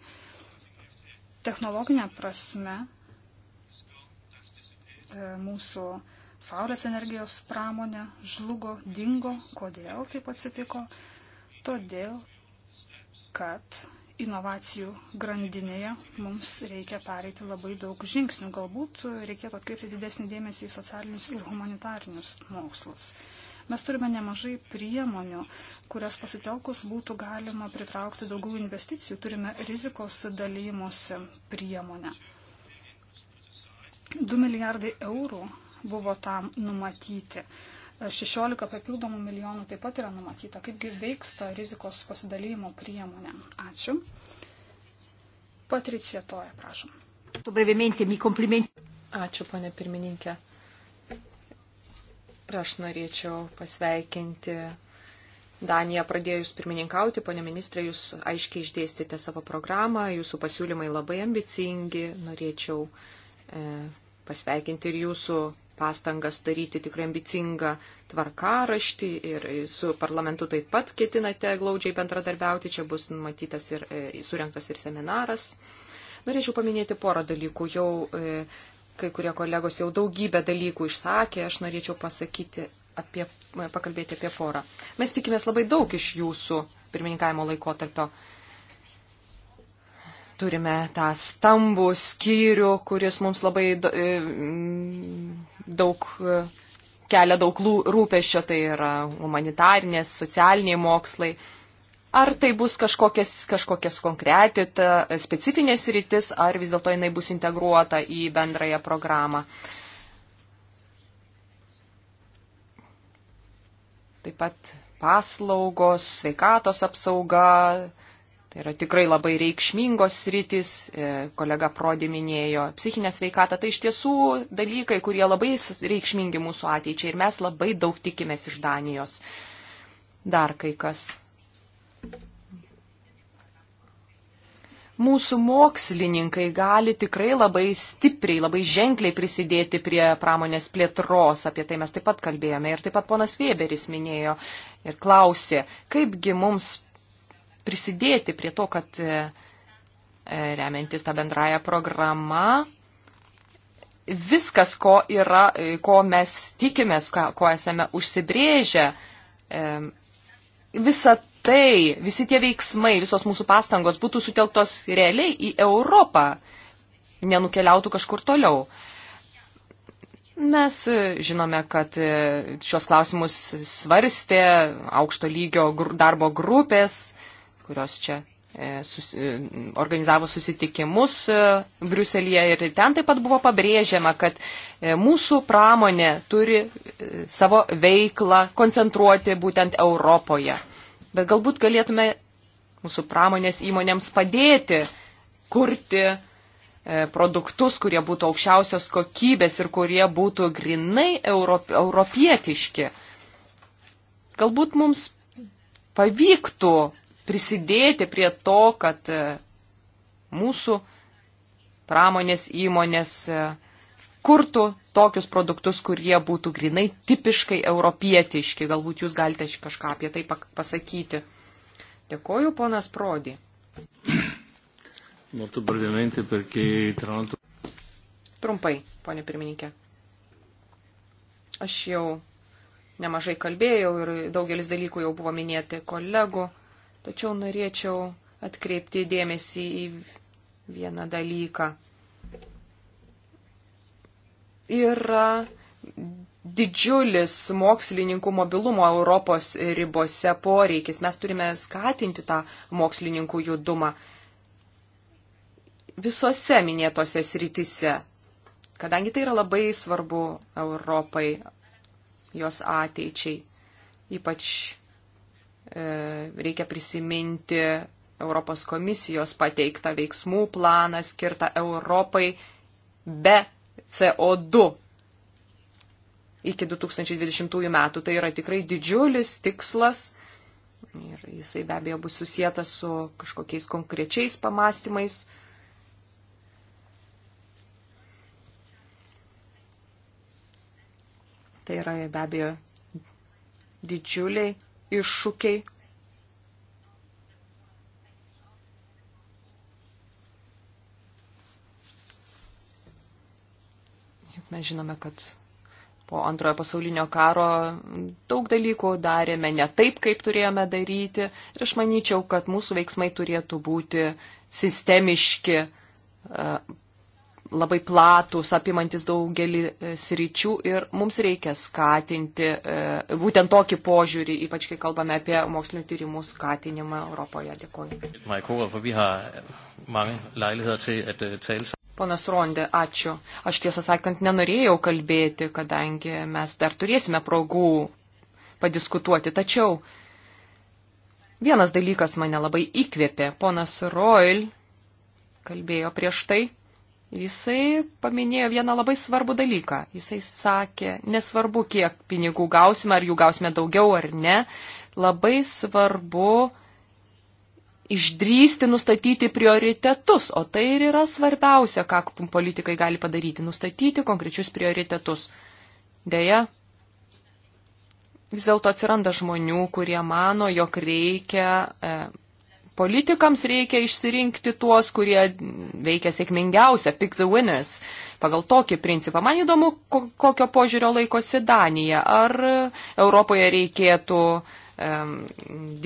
Technologinė prasme e, mūsų Saulės energijos pramonė žlugo, dingo. Kodėl taip atsitiko? Todėl, kad inovacijų grandinėje mums reikia pereiti labai daug žingsnių. Galbūt reikėtų atkreipti didesnį dėmesį į socialinius ir humanitarinius mokslus. Mes turime nemažai priemonių, kurias pasitelkus būtų galima pritraukti daugiau investicijų. Turime rizikos dalymosi priemonę. 2 milijardai eurų buvo tam numatyti. 16 papildomų milijonų taip pat yra numatyta. Kaipgi veiksta rizikos pasidalymo priemonė? Ačiū. Patricija Toja, prašom. Ačiū, ponė pirmininkė. Aš norėčiau pasveikinti Daniją pradėjus pirmininkauti, ponė ministrė, jūs aiškiai išdėstėte savo programą, jūsų pasiūlymai labai ambicingi, norėčiau e, pasveikinti ir jūsų pastangas daryti tikrai ambicingą tvarkaraštį ir su parlamentu taip pat ketinate glaudžiai bendradarbiauti. Čia bus numatytas ir e, surinktas ir seminaras. Norėčiau paminėti porą dalykų. Jau e, kai kurie kolegos jau daugybę dalykų išsakė, aš norėčiau pasakyti apie, e, pakalbėti apie porą. Mes tikimės labai daug iš jūsų pirmininkavimo laikotarpio. tarpio Turime tą stambų skyrių, kuris mums labai e, daug e, kelia daug rūpešio, tai yra humanitarnės, socialiniai mokslai. Ar tai bus kažkokias, kažkokias konkretita, specifinės rytis, ar vis dėlto jinai bus integruota į bendrąją programą. Taip pat paslaugos, sveikatos apsauga, Tai yra tikrai labai reikšmingos sritis, e, kolega Prodi minėjo psichinę sveikatą, tai iš tiesų dalykai, kurie labai reikšmingi mūsų ateičiai ir mes labai daug tikimės iš Danijos. Dar kai kas. Mūsų mokslininkai gali tikrai labai stipriai, labai ženkliai prisidėti prie pramonės plėtros, apie tai mes taip pat kalbėjome ir taip pat ponas Weberis minėjo ir klausė, kaipgi mums prisidėti prie to, kad e, e, remiantis tą bendrąją programą, viskas, ko, yra, e, ko mes tikimės, ko, ko esame užsibrėžę, visa tai, visi tie veiksmai, visos mūsų pastangos būtų sutelktos realiai į Europą, nenukeliautų kažkur toliau. Mes žinome, kad šios klausimus svarstė aukšto lygio darbo grupės, kurios čia e, sus, e, organizavo susitikimus e, Briuselėje ir ten taip pat buvo pabrėžiama, kad mūsų pramonė turi savo veiklą koncentruoti būtent Europoje. Bet galbūt galėtume mūsų pramonės įmonėms padėti kurti produktus, kurie būtų aukščiausios kokybės ir kurie būtų grinai europ, europietiški. Galbūt mums pavyktų prisidėti prie to, kad e, mūsų pramonės įmonės e, kurtų tokius produktus, kurie būtų grinai tipiškai europietiški. Galbūt jūs galite kažką apie tai pasakyti. Dėkoju, ponas Prodi. Trumpai, ponė pirmininkė. Aš jau nemažai kalbėjau ir daugelis dalykų jau buvo minėti kolegų. Tačiau norėčiau atkreipti dėmesį į vieną dalyką. Yra didžiulis mokslininkų mobilumo Europos ribose poreikis. Mes turime skatinti tą mokslininkų judumą visose minėtose sritise, kadangi tai yra labai svarbu Europai, jos ateičiai, ypač E, reikia prisiminti Europos komisijos pateiktą veiksmų planą skirtą Europai be CO2 iki 2020 metų. Tai yra tikrai didžiulis tikslas ir jisai be abejo bus susijęta su kažkokiais konkrečiais pamastymais. Tai yra be abejo didžiuliai iššūkiai. Mes žinome, kad po antrojo pasaulinio karo daug dalykų darėme ne taip, kaip turėjome daryti. Ir aš manyčiau, kad mūsų veiksmai turėtų būti sistemiški, labai platus, apimantis daugelį e, sričių ir mums reikia skatinti e, būtent tokį požiūrį, ypač kai kalbame apie mokslinio tyrimų skatinimą Europoje. Dėkuoju. Øh, Ponas Rondė, ačiū. Aš tiesą sakant nenorėjau kalbėti, kadangi mes dar turėsime progų padiskutuoti. Tačiau vienas dalykas mane labai įkvėpė. Ponas Roil kalbėjo prieš tai Jisai paminėjo vieną labai svarbų dalyką. Jisai sakė, nesvarbu, kiek pinigų gausime, ar jų gausime daugiau ar ne, labai svarbu išdrysti, nustatyti prioritetus, o tai ir yra svarbiausia, ką politikai gali padaryti - nustatyti konkrečius prioritetus. Deja, vis dėlto atsiranda žmonių, kurie mano, jog reikia. E, politikams reikia išsirinkti tuos, kurie veikia sėkmingiausia, pick the winners, pagal tokį principą. Man įdomu, kokio požiūrio laikosi Danija. Ar Europoje reikėtų um,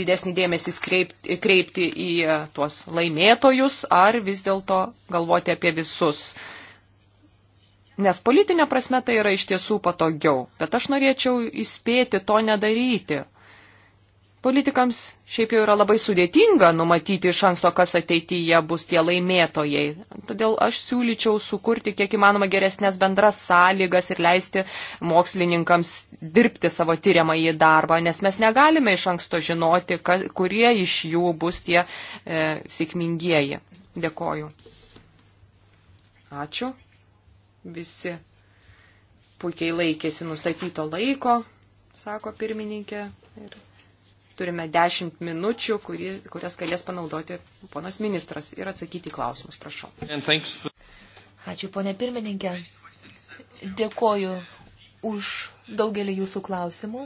didesnį dėmesį kreipti, kreipti į e, tuos laimėtojus, ar vis dėlto galvoti apie visus. Nes politinė prasme tai yra iš tiesų patogiau, bet aš norėčiau įspėti to nedaryti. Politikams šiaip jau yra labai sudėtinga numatyti iš anksto, kas ateityje bus tie laimėtojai. Todėl aš siūlyčiau sukurti kiek įmanoma geresnės bendras sąlygas ir leisti mokslininkams dirbti savo tyriamą į darbą, nes mes negalime iš anksto žinoti, kas, kurie iš jų bus tie e, sėkmingieji. Dėkoju. Ačiū. Visi puikiai laikėsi nustatyto laiko, sako pirmininkė. Ir turime 10 minučių, kuri, kurias galės panaudoti ponas ministras ir atsakyti į klausimus, prašau. For... Ačiū, ponė pirmininkė. Dėkoju už daugelį jūsų klausimų.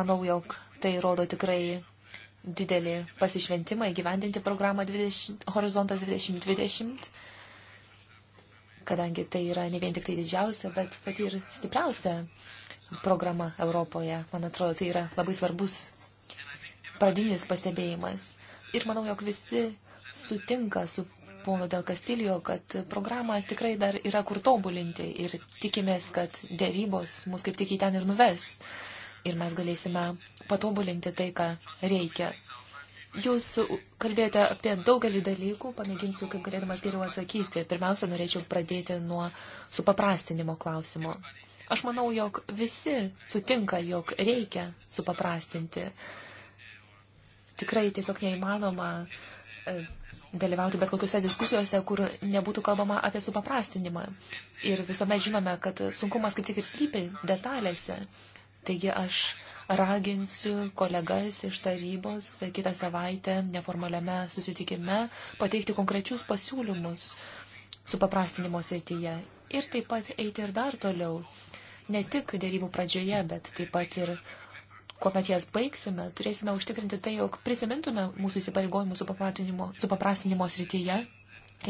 Manau, jog tai rodo tikrai didelį pasišventimą įgyvendinti programą 20, Horizontas 2020, kadangi tai yra ne vien tik tai didžiausia, bet pati ir stipriausia programa Europoje. Man atrodo, tai yra labai svarbus pradinis pastebėjimas. Ir manau, jog visi sutinka su ponu Del Castillo, kad programą tikrai dar yra kur tobulinti ir tikimės, kad dėrybos mus kaip tik į ten ir nuves. Ir mes galėsime patobulinti tai, ką reikia. Jūs kalbėjote apie daugelį dalykų, pamėginsiu, kaip galėdamas geriau atsakyti. Pirmiausia, norėčiau pradėti nuo supaprastinimo klausimo. Aš manau, jog visi sutinka, jog reikia supaprastinti. Tikrai tiesiog neįmanoma e, dalyvauti bet kokiuose diskusijose, kur nebūtų kalbama apie supaprastinimą. Ir visuomet žinome, kad sunkumas kaip tik ir slypi detalėse. Taigi aš raginsiu kolegas iš tarybos kitą savaitę neformaliame susitikime pateikti konkrečius pasiūlymus supaprastinimo srityje. Ir taip pat eiti ir dar toliau ne tik dėrybų pradžioje, bet taip pat ir kuomet jas baigsime, turėsime užtikrinti tai, jog prisimintume mūsų įsipareigojimus supaprastinimo su srityje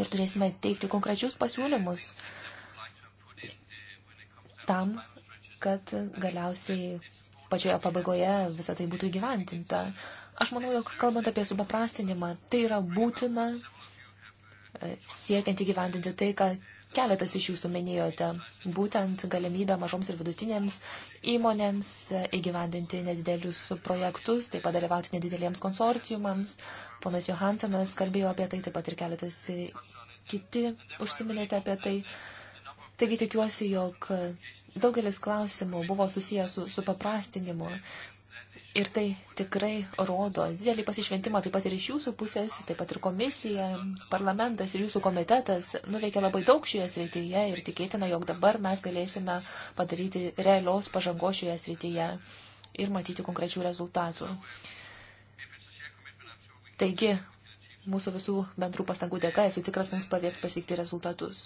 ir turėsime teikti konkrečius pasiūlymus tam, kad galiausiai pačioje pabaigoje visą tai būtų įgyventinta. Aš manau, jog kalbant apie supaprastinimą, tai yra būtina e, siekiant įgyvendinti tai, ką Keletas iš jūsų minėjote būtent galimybę mažoms ir vidutinėms įmonėms įgyvendinti nedidelius projektus, taip pat dalyvauti nedideliems konsorciumams. Ponas Johansenas kalbėjo apie tai, taip pat ir keletas kiti užsiminėte apie tai. Taigi tikiuosi, jog daugelis klausimų buvo susijęs su, su paprastinimu, Ir tai tikrai rodo didelį pasišventimą taip pat ir iš jūsų pusės, taip pat ir komisija, parlamentas ir jūsų komitetas nuveikia labai daug šioje srityje ir tikėtina, jog dabar mes galėsime padaryti realios pažangos šioje srityje ir matyti konkrečių rezultatų. Taigi, mūsų visų bendrų pastangų dėka esu tikras, mums pavyks pasiekti rezultatus.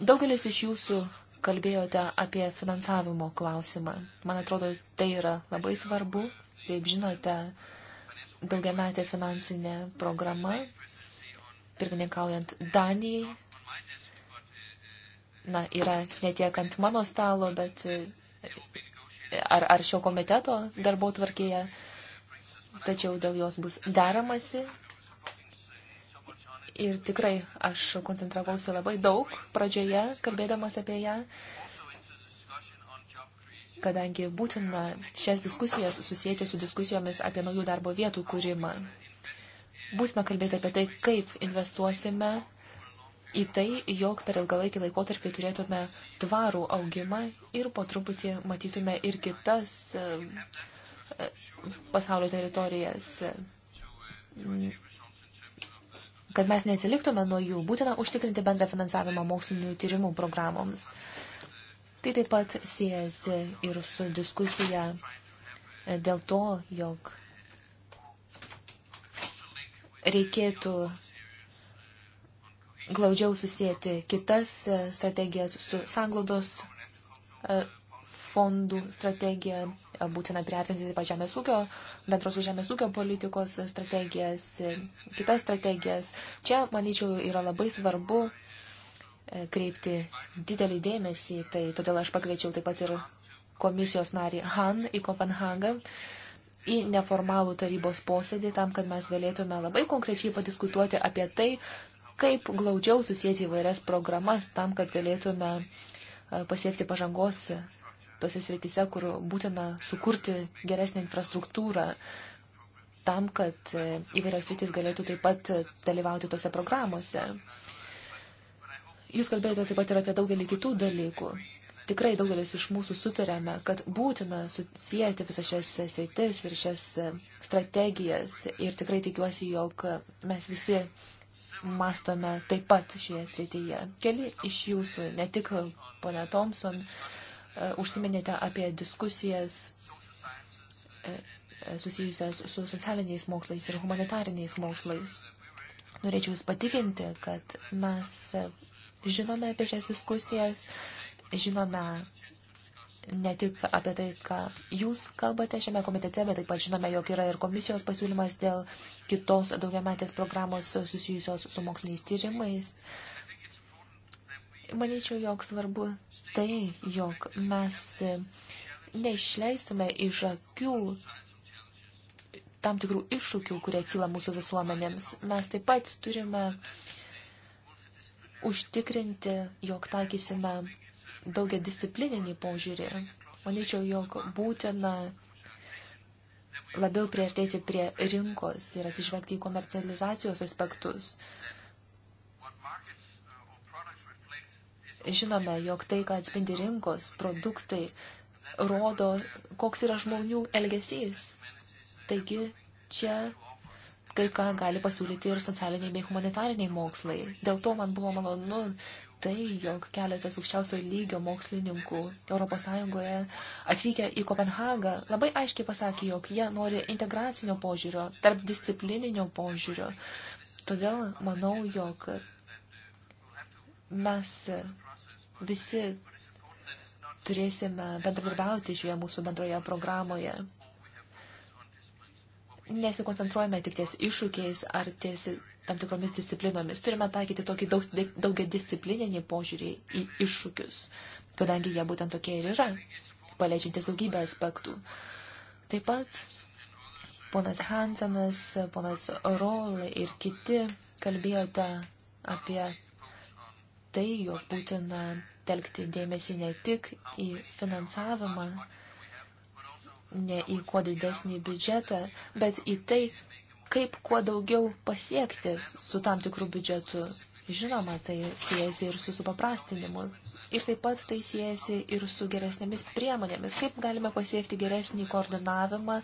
Daugelis iš jūsų kalbėjote apie finansavimo klausimą. Man atrodo, tai yra labai svarbu. Kaip žinote, daugiametė finansinė programa, pirmininkaujant Danijai, na, yra ne tiek ant mano stalo, bet ar, ar šio komiteto darbo tvarkėje, tačiau dėl jos bus deramasi ir tikrai aš koncentravausi labai daug pradžioje, kalbėdamas apie ją, kadangi būtina šias diskusijas susijęti su diskusijomis apie naujų darbo vietų kūrimą. Būtina kalbėti apie tai, kaip investuosime į tai, jog per ilgalaikį laikotarpį turėtume tvarų augimą ir po truputį matytume ir kitas e, e, pasaulio teritorijas kad mes neatsiliktume nuo jų, būtina užtikrinti bendrą finansavimą mokslinių tyrimų programoms. Tai taip pat siejasi ir su diskusija e, dėl to, jog reikėtų glaudžiau susijęti kitas e, strategijas su sanglaudos e, fondų strategija būtina priartinti taip pat žemės ūkio, bendros žemės ūkio politikos strategijas, kitas strategijas. Čia, manyčiau, yra labai svarbu e, kreipti didelį dėmesį, tai todėl aš pakviečiau taip pat ir komisijos narį Han į Kopenhagą į neformalų tarybos posėdį tam, kad mes galėtume labai konkrečiai padiskutuoti apie tai, kaip glaudžiau susijęti įvairias programas tam, kad galėtume e, pasiekti pažangos tose srityse, kur būtina sukurti geresnę infrastruktūrą tam, kad e, įvairios sritys galėtų taip pat e, dalyvauti tose programuose. Jūs kalbėjote taip pat ir apie daugelį kitų dalykų. Tikrai daugelis iš mūsų sutarėme, kad būtina susijęti visas šias sritis ir šias e, strategijas ir tikrai tikiuosi, jog mes visi mastome taip pat šioje srityje. Keli iš jūsų, ne tik ponė Thompson, uh, užsiminėte apie diskusijas e, e, susijusias su socialiniais mokslais ir humanitariniais mokslais. Norėčiau Jūs patikinti, kad mes žinome apie šias diskusijas, žinome ne tik apie tai, ką Jūs kalbate šiame komitete, bet taip pat žinome, jog yra ir komisijos pasiūlymas dėl kitos daugiametės programos susijusios su moksliniais tyrimais. Uh, Manyčiau, jog svarbu tai, jog mes neišleistume iš akių tam tikrų iššūkių, kurie kyla mūsų visuomenėms. Mes taip pat turime užtikrinti, jog taikysime daugia disciplininį požiūrį. Manyčiau, jog būtina labiau priartėti prie rinkos ir atsižvelgti į komercializacijos aspektus. Žinome, jog tai, ką atspindi rinkos, produktai, rodo, koks yra žmonių elgesys. Taigi čia kai ką gali pasiūlyti ir socialiniai bei humanitariniai mokslai. Dėl to man buvo malonu tai, jog keletas aukščiausio lygio mokslininkų ES atvykę į Kopenhagą labai aiškiai pasakė, jog jie nori integracinio požiūrio, tarp disciplininio požiūrio. Todėl manau, jog mes visi turėsime bendradarbiauti šioje mūsų bendroje programoje. Nesikoncentruojame tik ties iššūkiais ar ties tam tikromis disciplinomis. Turime taikyti tokį daug, daugia disciplininį požiūrį į iššūkius, kadangi jie būtent tokie ir yra, paliečiantis daugybę aspektų. Taip pat ponas Hansenas, ponas Rol ir kiti kalbėjote apie tai, jog būtina telkti dėmesį ne tik į finansavimą, ne į kuo didesnį biudžetą, bet į tai, kaip kuo daugiau pasiekti su tam tikrų biudžetu. Žinoma, tai siejasi ir su supaprastinimu. Ir taip pat tai siejasi ir su geresnėmis priemonėmis. Kaip galime pasiekti geresnį koordinavimą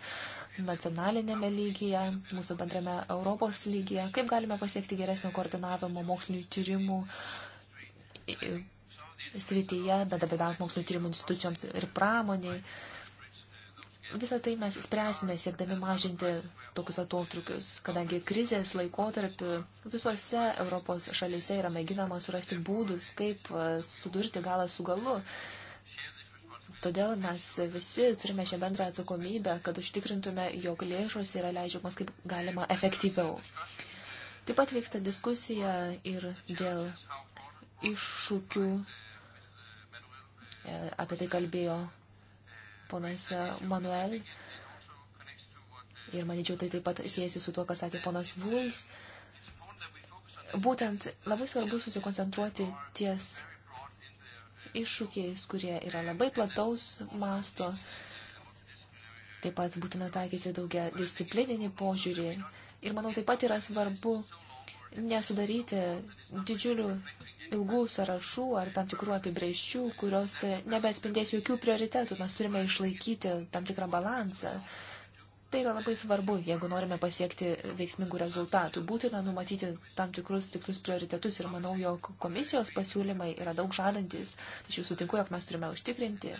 nacionalinėme lygyje, mūsų bendrame Europos lygyje, kaip galime pasiekti geresnio koordinavimo mokslinių tyrimų srityje, bendradarbiavant mokslinio tyrimų institucijoms ir pramoniai. Visą tai mes spręsime siekdami mažinti tokius atotrukius, kadangi krizės laikotarpiu visose Europos šalyse yra mėginama surasti būdus, kaip e, sudurti galą su galu. Todėl mes visi turime šią bendrą atsakomybę, kad užtikrintume, jog lėšos yra leidžiamos kaip galima efektyviau. Taip pat vyksta diskusija ir dėl iššūkių E, apie tai kalbėjo ponas Manuel. Ir manyčiau, tai taip pat siejasi su tuo, ką sakė ponas Vuls. Būtent labai svarbu susikoncentruoti ties iššūkiais, kurie yra labai plataus masto. Taip pat būtina taikyti daugia disciplininį požiūrį. Ir manau, taip pat yra svarbu nesudaryti didžiulių ilgų sąrašų ar tam tikrų apibrėžčių, kurios nebespindės jokių prioritetų. Mes turime išlaikyti tam tikrą balansą. Tai yra labai svarbu, jeigu norime pasiekti veiksmingų rezultatų. Būtina numatyti tam tikrus tikrus prioritetus ir manau, jog komisijos pasiūlymai yra daug žadantis. Tačiau sutinku, jog mes turime užtikrinti,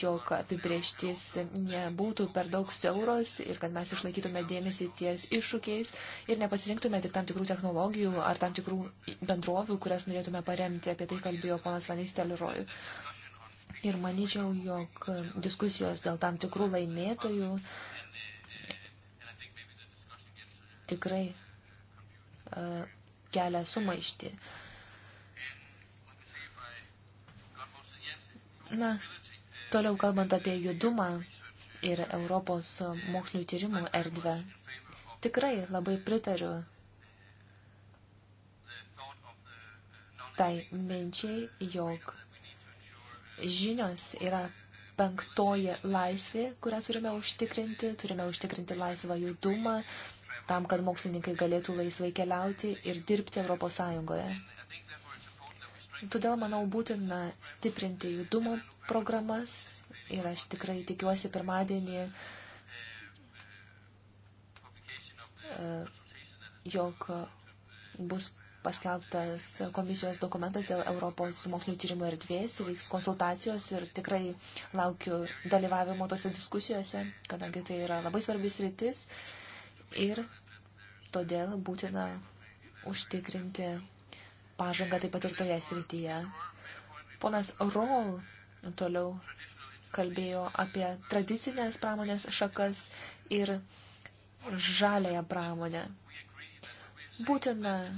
jog apibrieštis nebūtų per daug siauros ir kad mes išlaikytume dėmesį ties iššūkiais ir nepasirinktume tik tam tikrų technologijų ar tam tikrų bendrovių, kurias norėtume paremti. Apie tai kalbėjo ponas Vanys Telirojų. Ir manyčiau, jog diskusijos dėl tam tikrų laimėtojų tikrai uh, kelia sumaišti. Na, toliau kalbant apie judumą ir Europos mokslinių tyrimų erdvę, tikrai labai pritariu tai minčiai, jog žinios yra penktoji laisvė, kurią turime užtikrinti. Turime užtikrinti laisvą judumą, tam, kad mokslininkai galėtų laisvai keliauti ir dirbti Europos Sąjungoje. Todėl, manau, būtina stiprinti judumo programas ir aš tikrai tikiuosi pirmadienį, e, jog bus paskelbtas komisijos dokumentas dėl Europos mokslinio tyrimų erdvės, vyks konsultacijos ir tikrai laukiu dalyvavimo tose diskusijose, kadangi tai yra labai svarbis rytis ir Todėl būtina užtikrinti pažangą taip pat ir toje srityje. Ponas Rol toliau kalbėjo apie tradicinės pramonės šakas ir žalėją pramonę. Būtina e,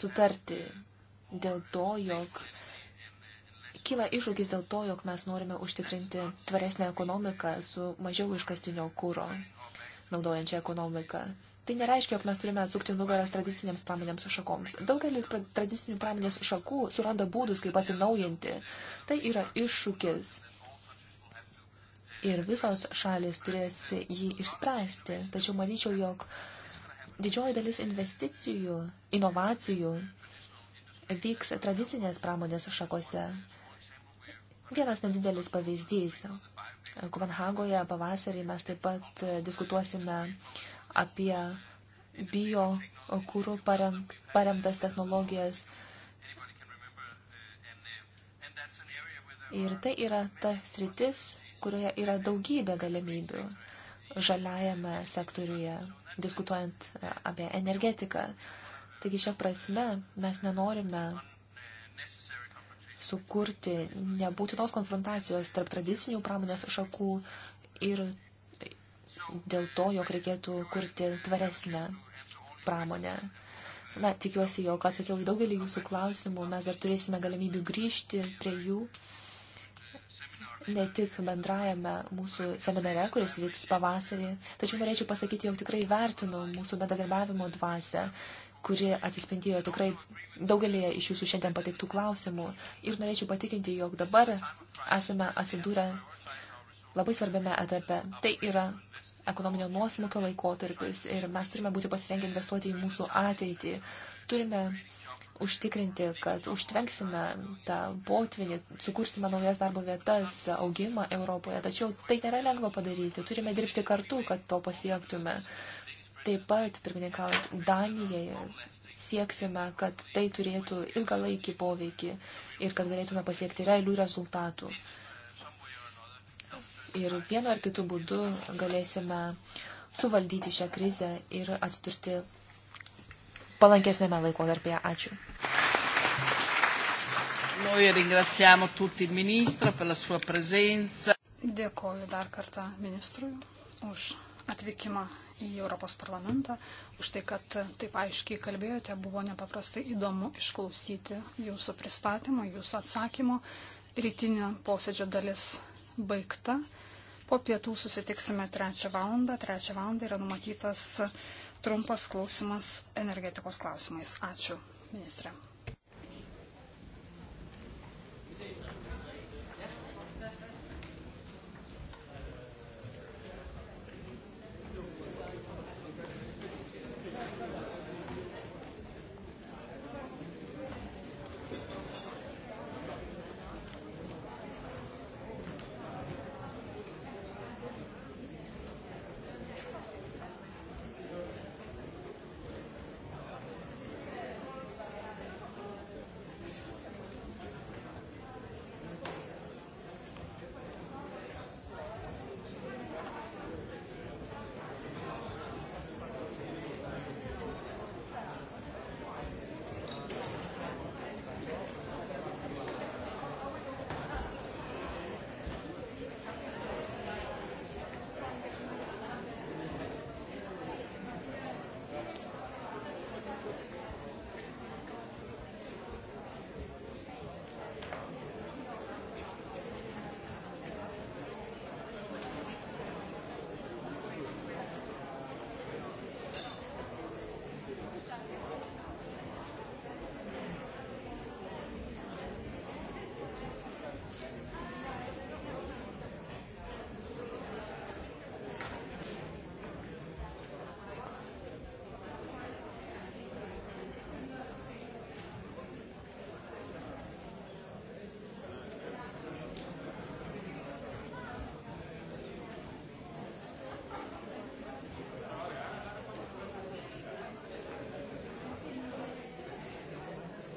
sutarti dėl to, jog kyla iššūkis dėl to, jog mes norime užtikrinti tvaresnę ekonomiką su mažiau iškastinio kūro naudojančią ekonomiką. Tai nereiškia, jog mes turime atsukti nugaras tradicinėms pramonėms šakoms. Daugelis tradicinių pramonės šakų suranda būdus, kaip atsinaujinti. Tai yra iššūkis. Ir visos šalis turės jį išspręsti. Tačiau manyčiau, jog didžioji dalis investicijų, inovacijų vyks tradicinės pramonės šakose. Vienas nedidelis pavyzdys. Kopenhagoje pavasarį mes taip pat diskutuosime apie bio kūrų paremtas technologijas. Ir tai yra ta sritis, kurioje yra daugybė galimybių žaliajame sektoriuje, diskutuojant e, apie energetiką. Taigi šią prasme mes nenorime sukurti nebūtinos konfrontacijos tarp tradicinių pramonės šakų ir dėl to, jog reikėtų kurti tvaresnę pramonę. Na, tikiuosi, jog atsakiau į daugelį jūsų klausimų, mes dar turėsime galimybių grįžti prie jų ne tik bendrajame mūsų seminare, kuris vyks pavasarį, tačiau norėčiau pasakyti, jog tikrai vertinu mūsų bendradarbiavimo dvasę, kuri atsispindėjo tikrai daugelėje iš jūsų šiandien pateiktų klausimų. Ir norėčiau patikinti, jog dabar esame atsidūrę labai svarbiame etape. Tai yra ekonominio nuosmukio laikotarpis ir mes turime būti pasirengę investuoti į mūsų ateitį. Turime užtikrinti, kad užtvenksime tą potvinį, sukursime naujas darbo vietas, augimą Europoje. Tačiau tai nėra lengva padaryti. Turime dirbti kartu, kad to pasiektume. Taip pat, pirmininkaujant Danijai, sieksime, kad tai turėtų ilgalaikį poveikį ir kad galėtume pasiekti realių rezultatų ir vienu ar kitu būdu galėsime suvaldyti šią krizę ir atsidurti palankesnėme laikotarpėje. Ačiū. Noi ringraziamo tutti il ministro per la sua presenza. Dėkoju dar kartą ministrui už atvykimą į Europos parlamentą, už tai, kad taip aiškiai kalbėjote. Buvo nepaprastai įdomu išklausyti jūsų pristatymą, jūsų atsakymo. Rytinio posėdžio dalis baigta. Po pietų susitiksime 3 valandą. 3 valandą yra numatytas trumpas klausimas energetikos klausimais. Ačiū, ministrė.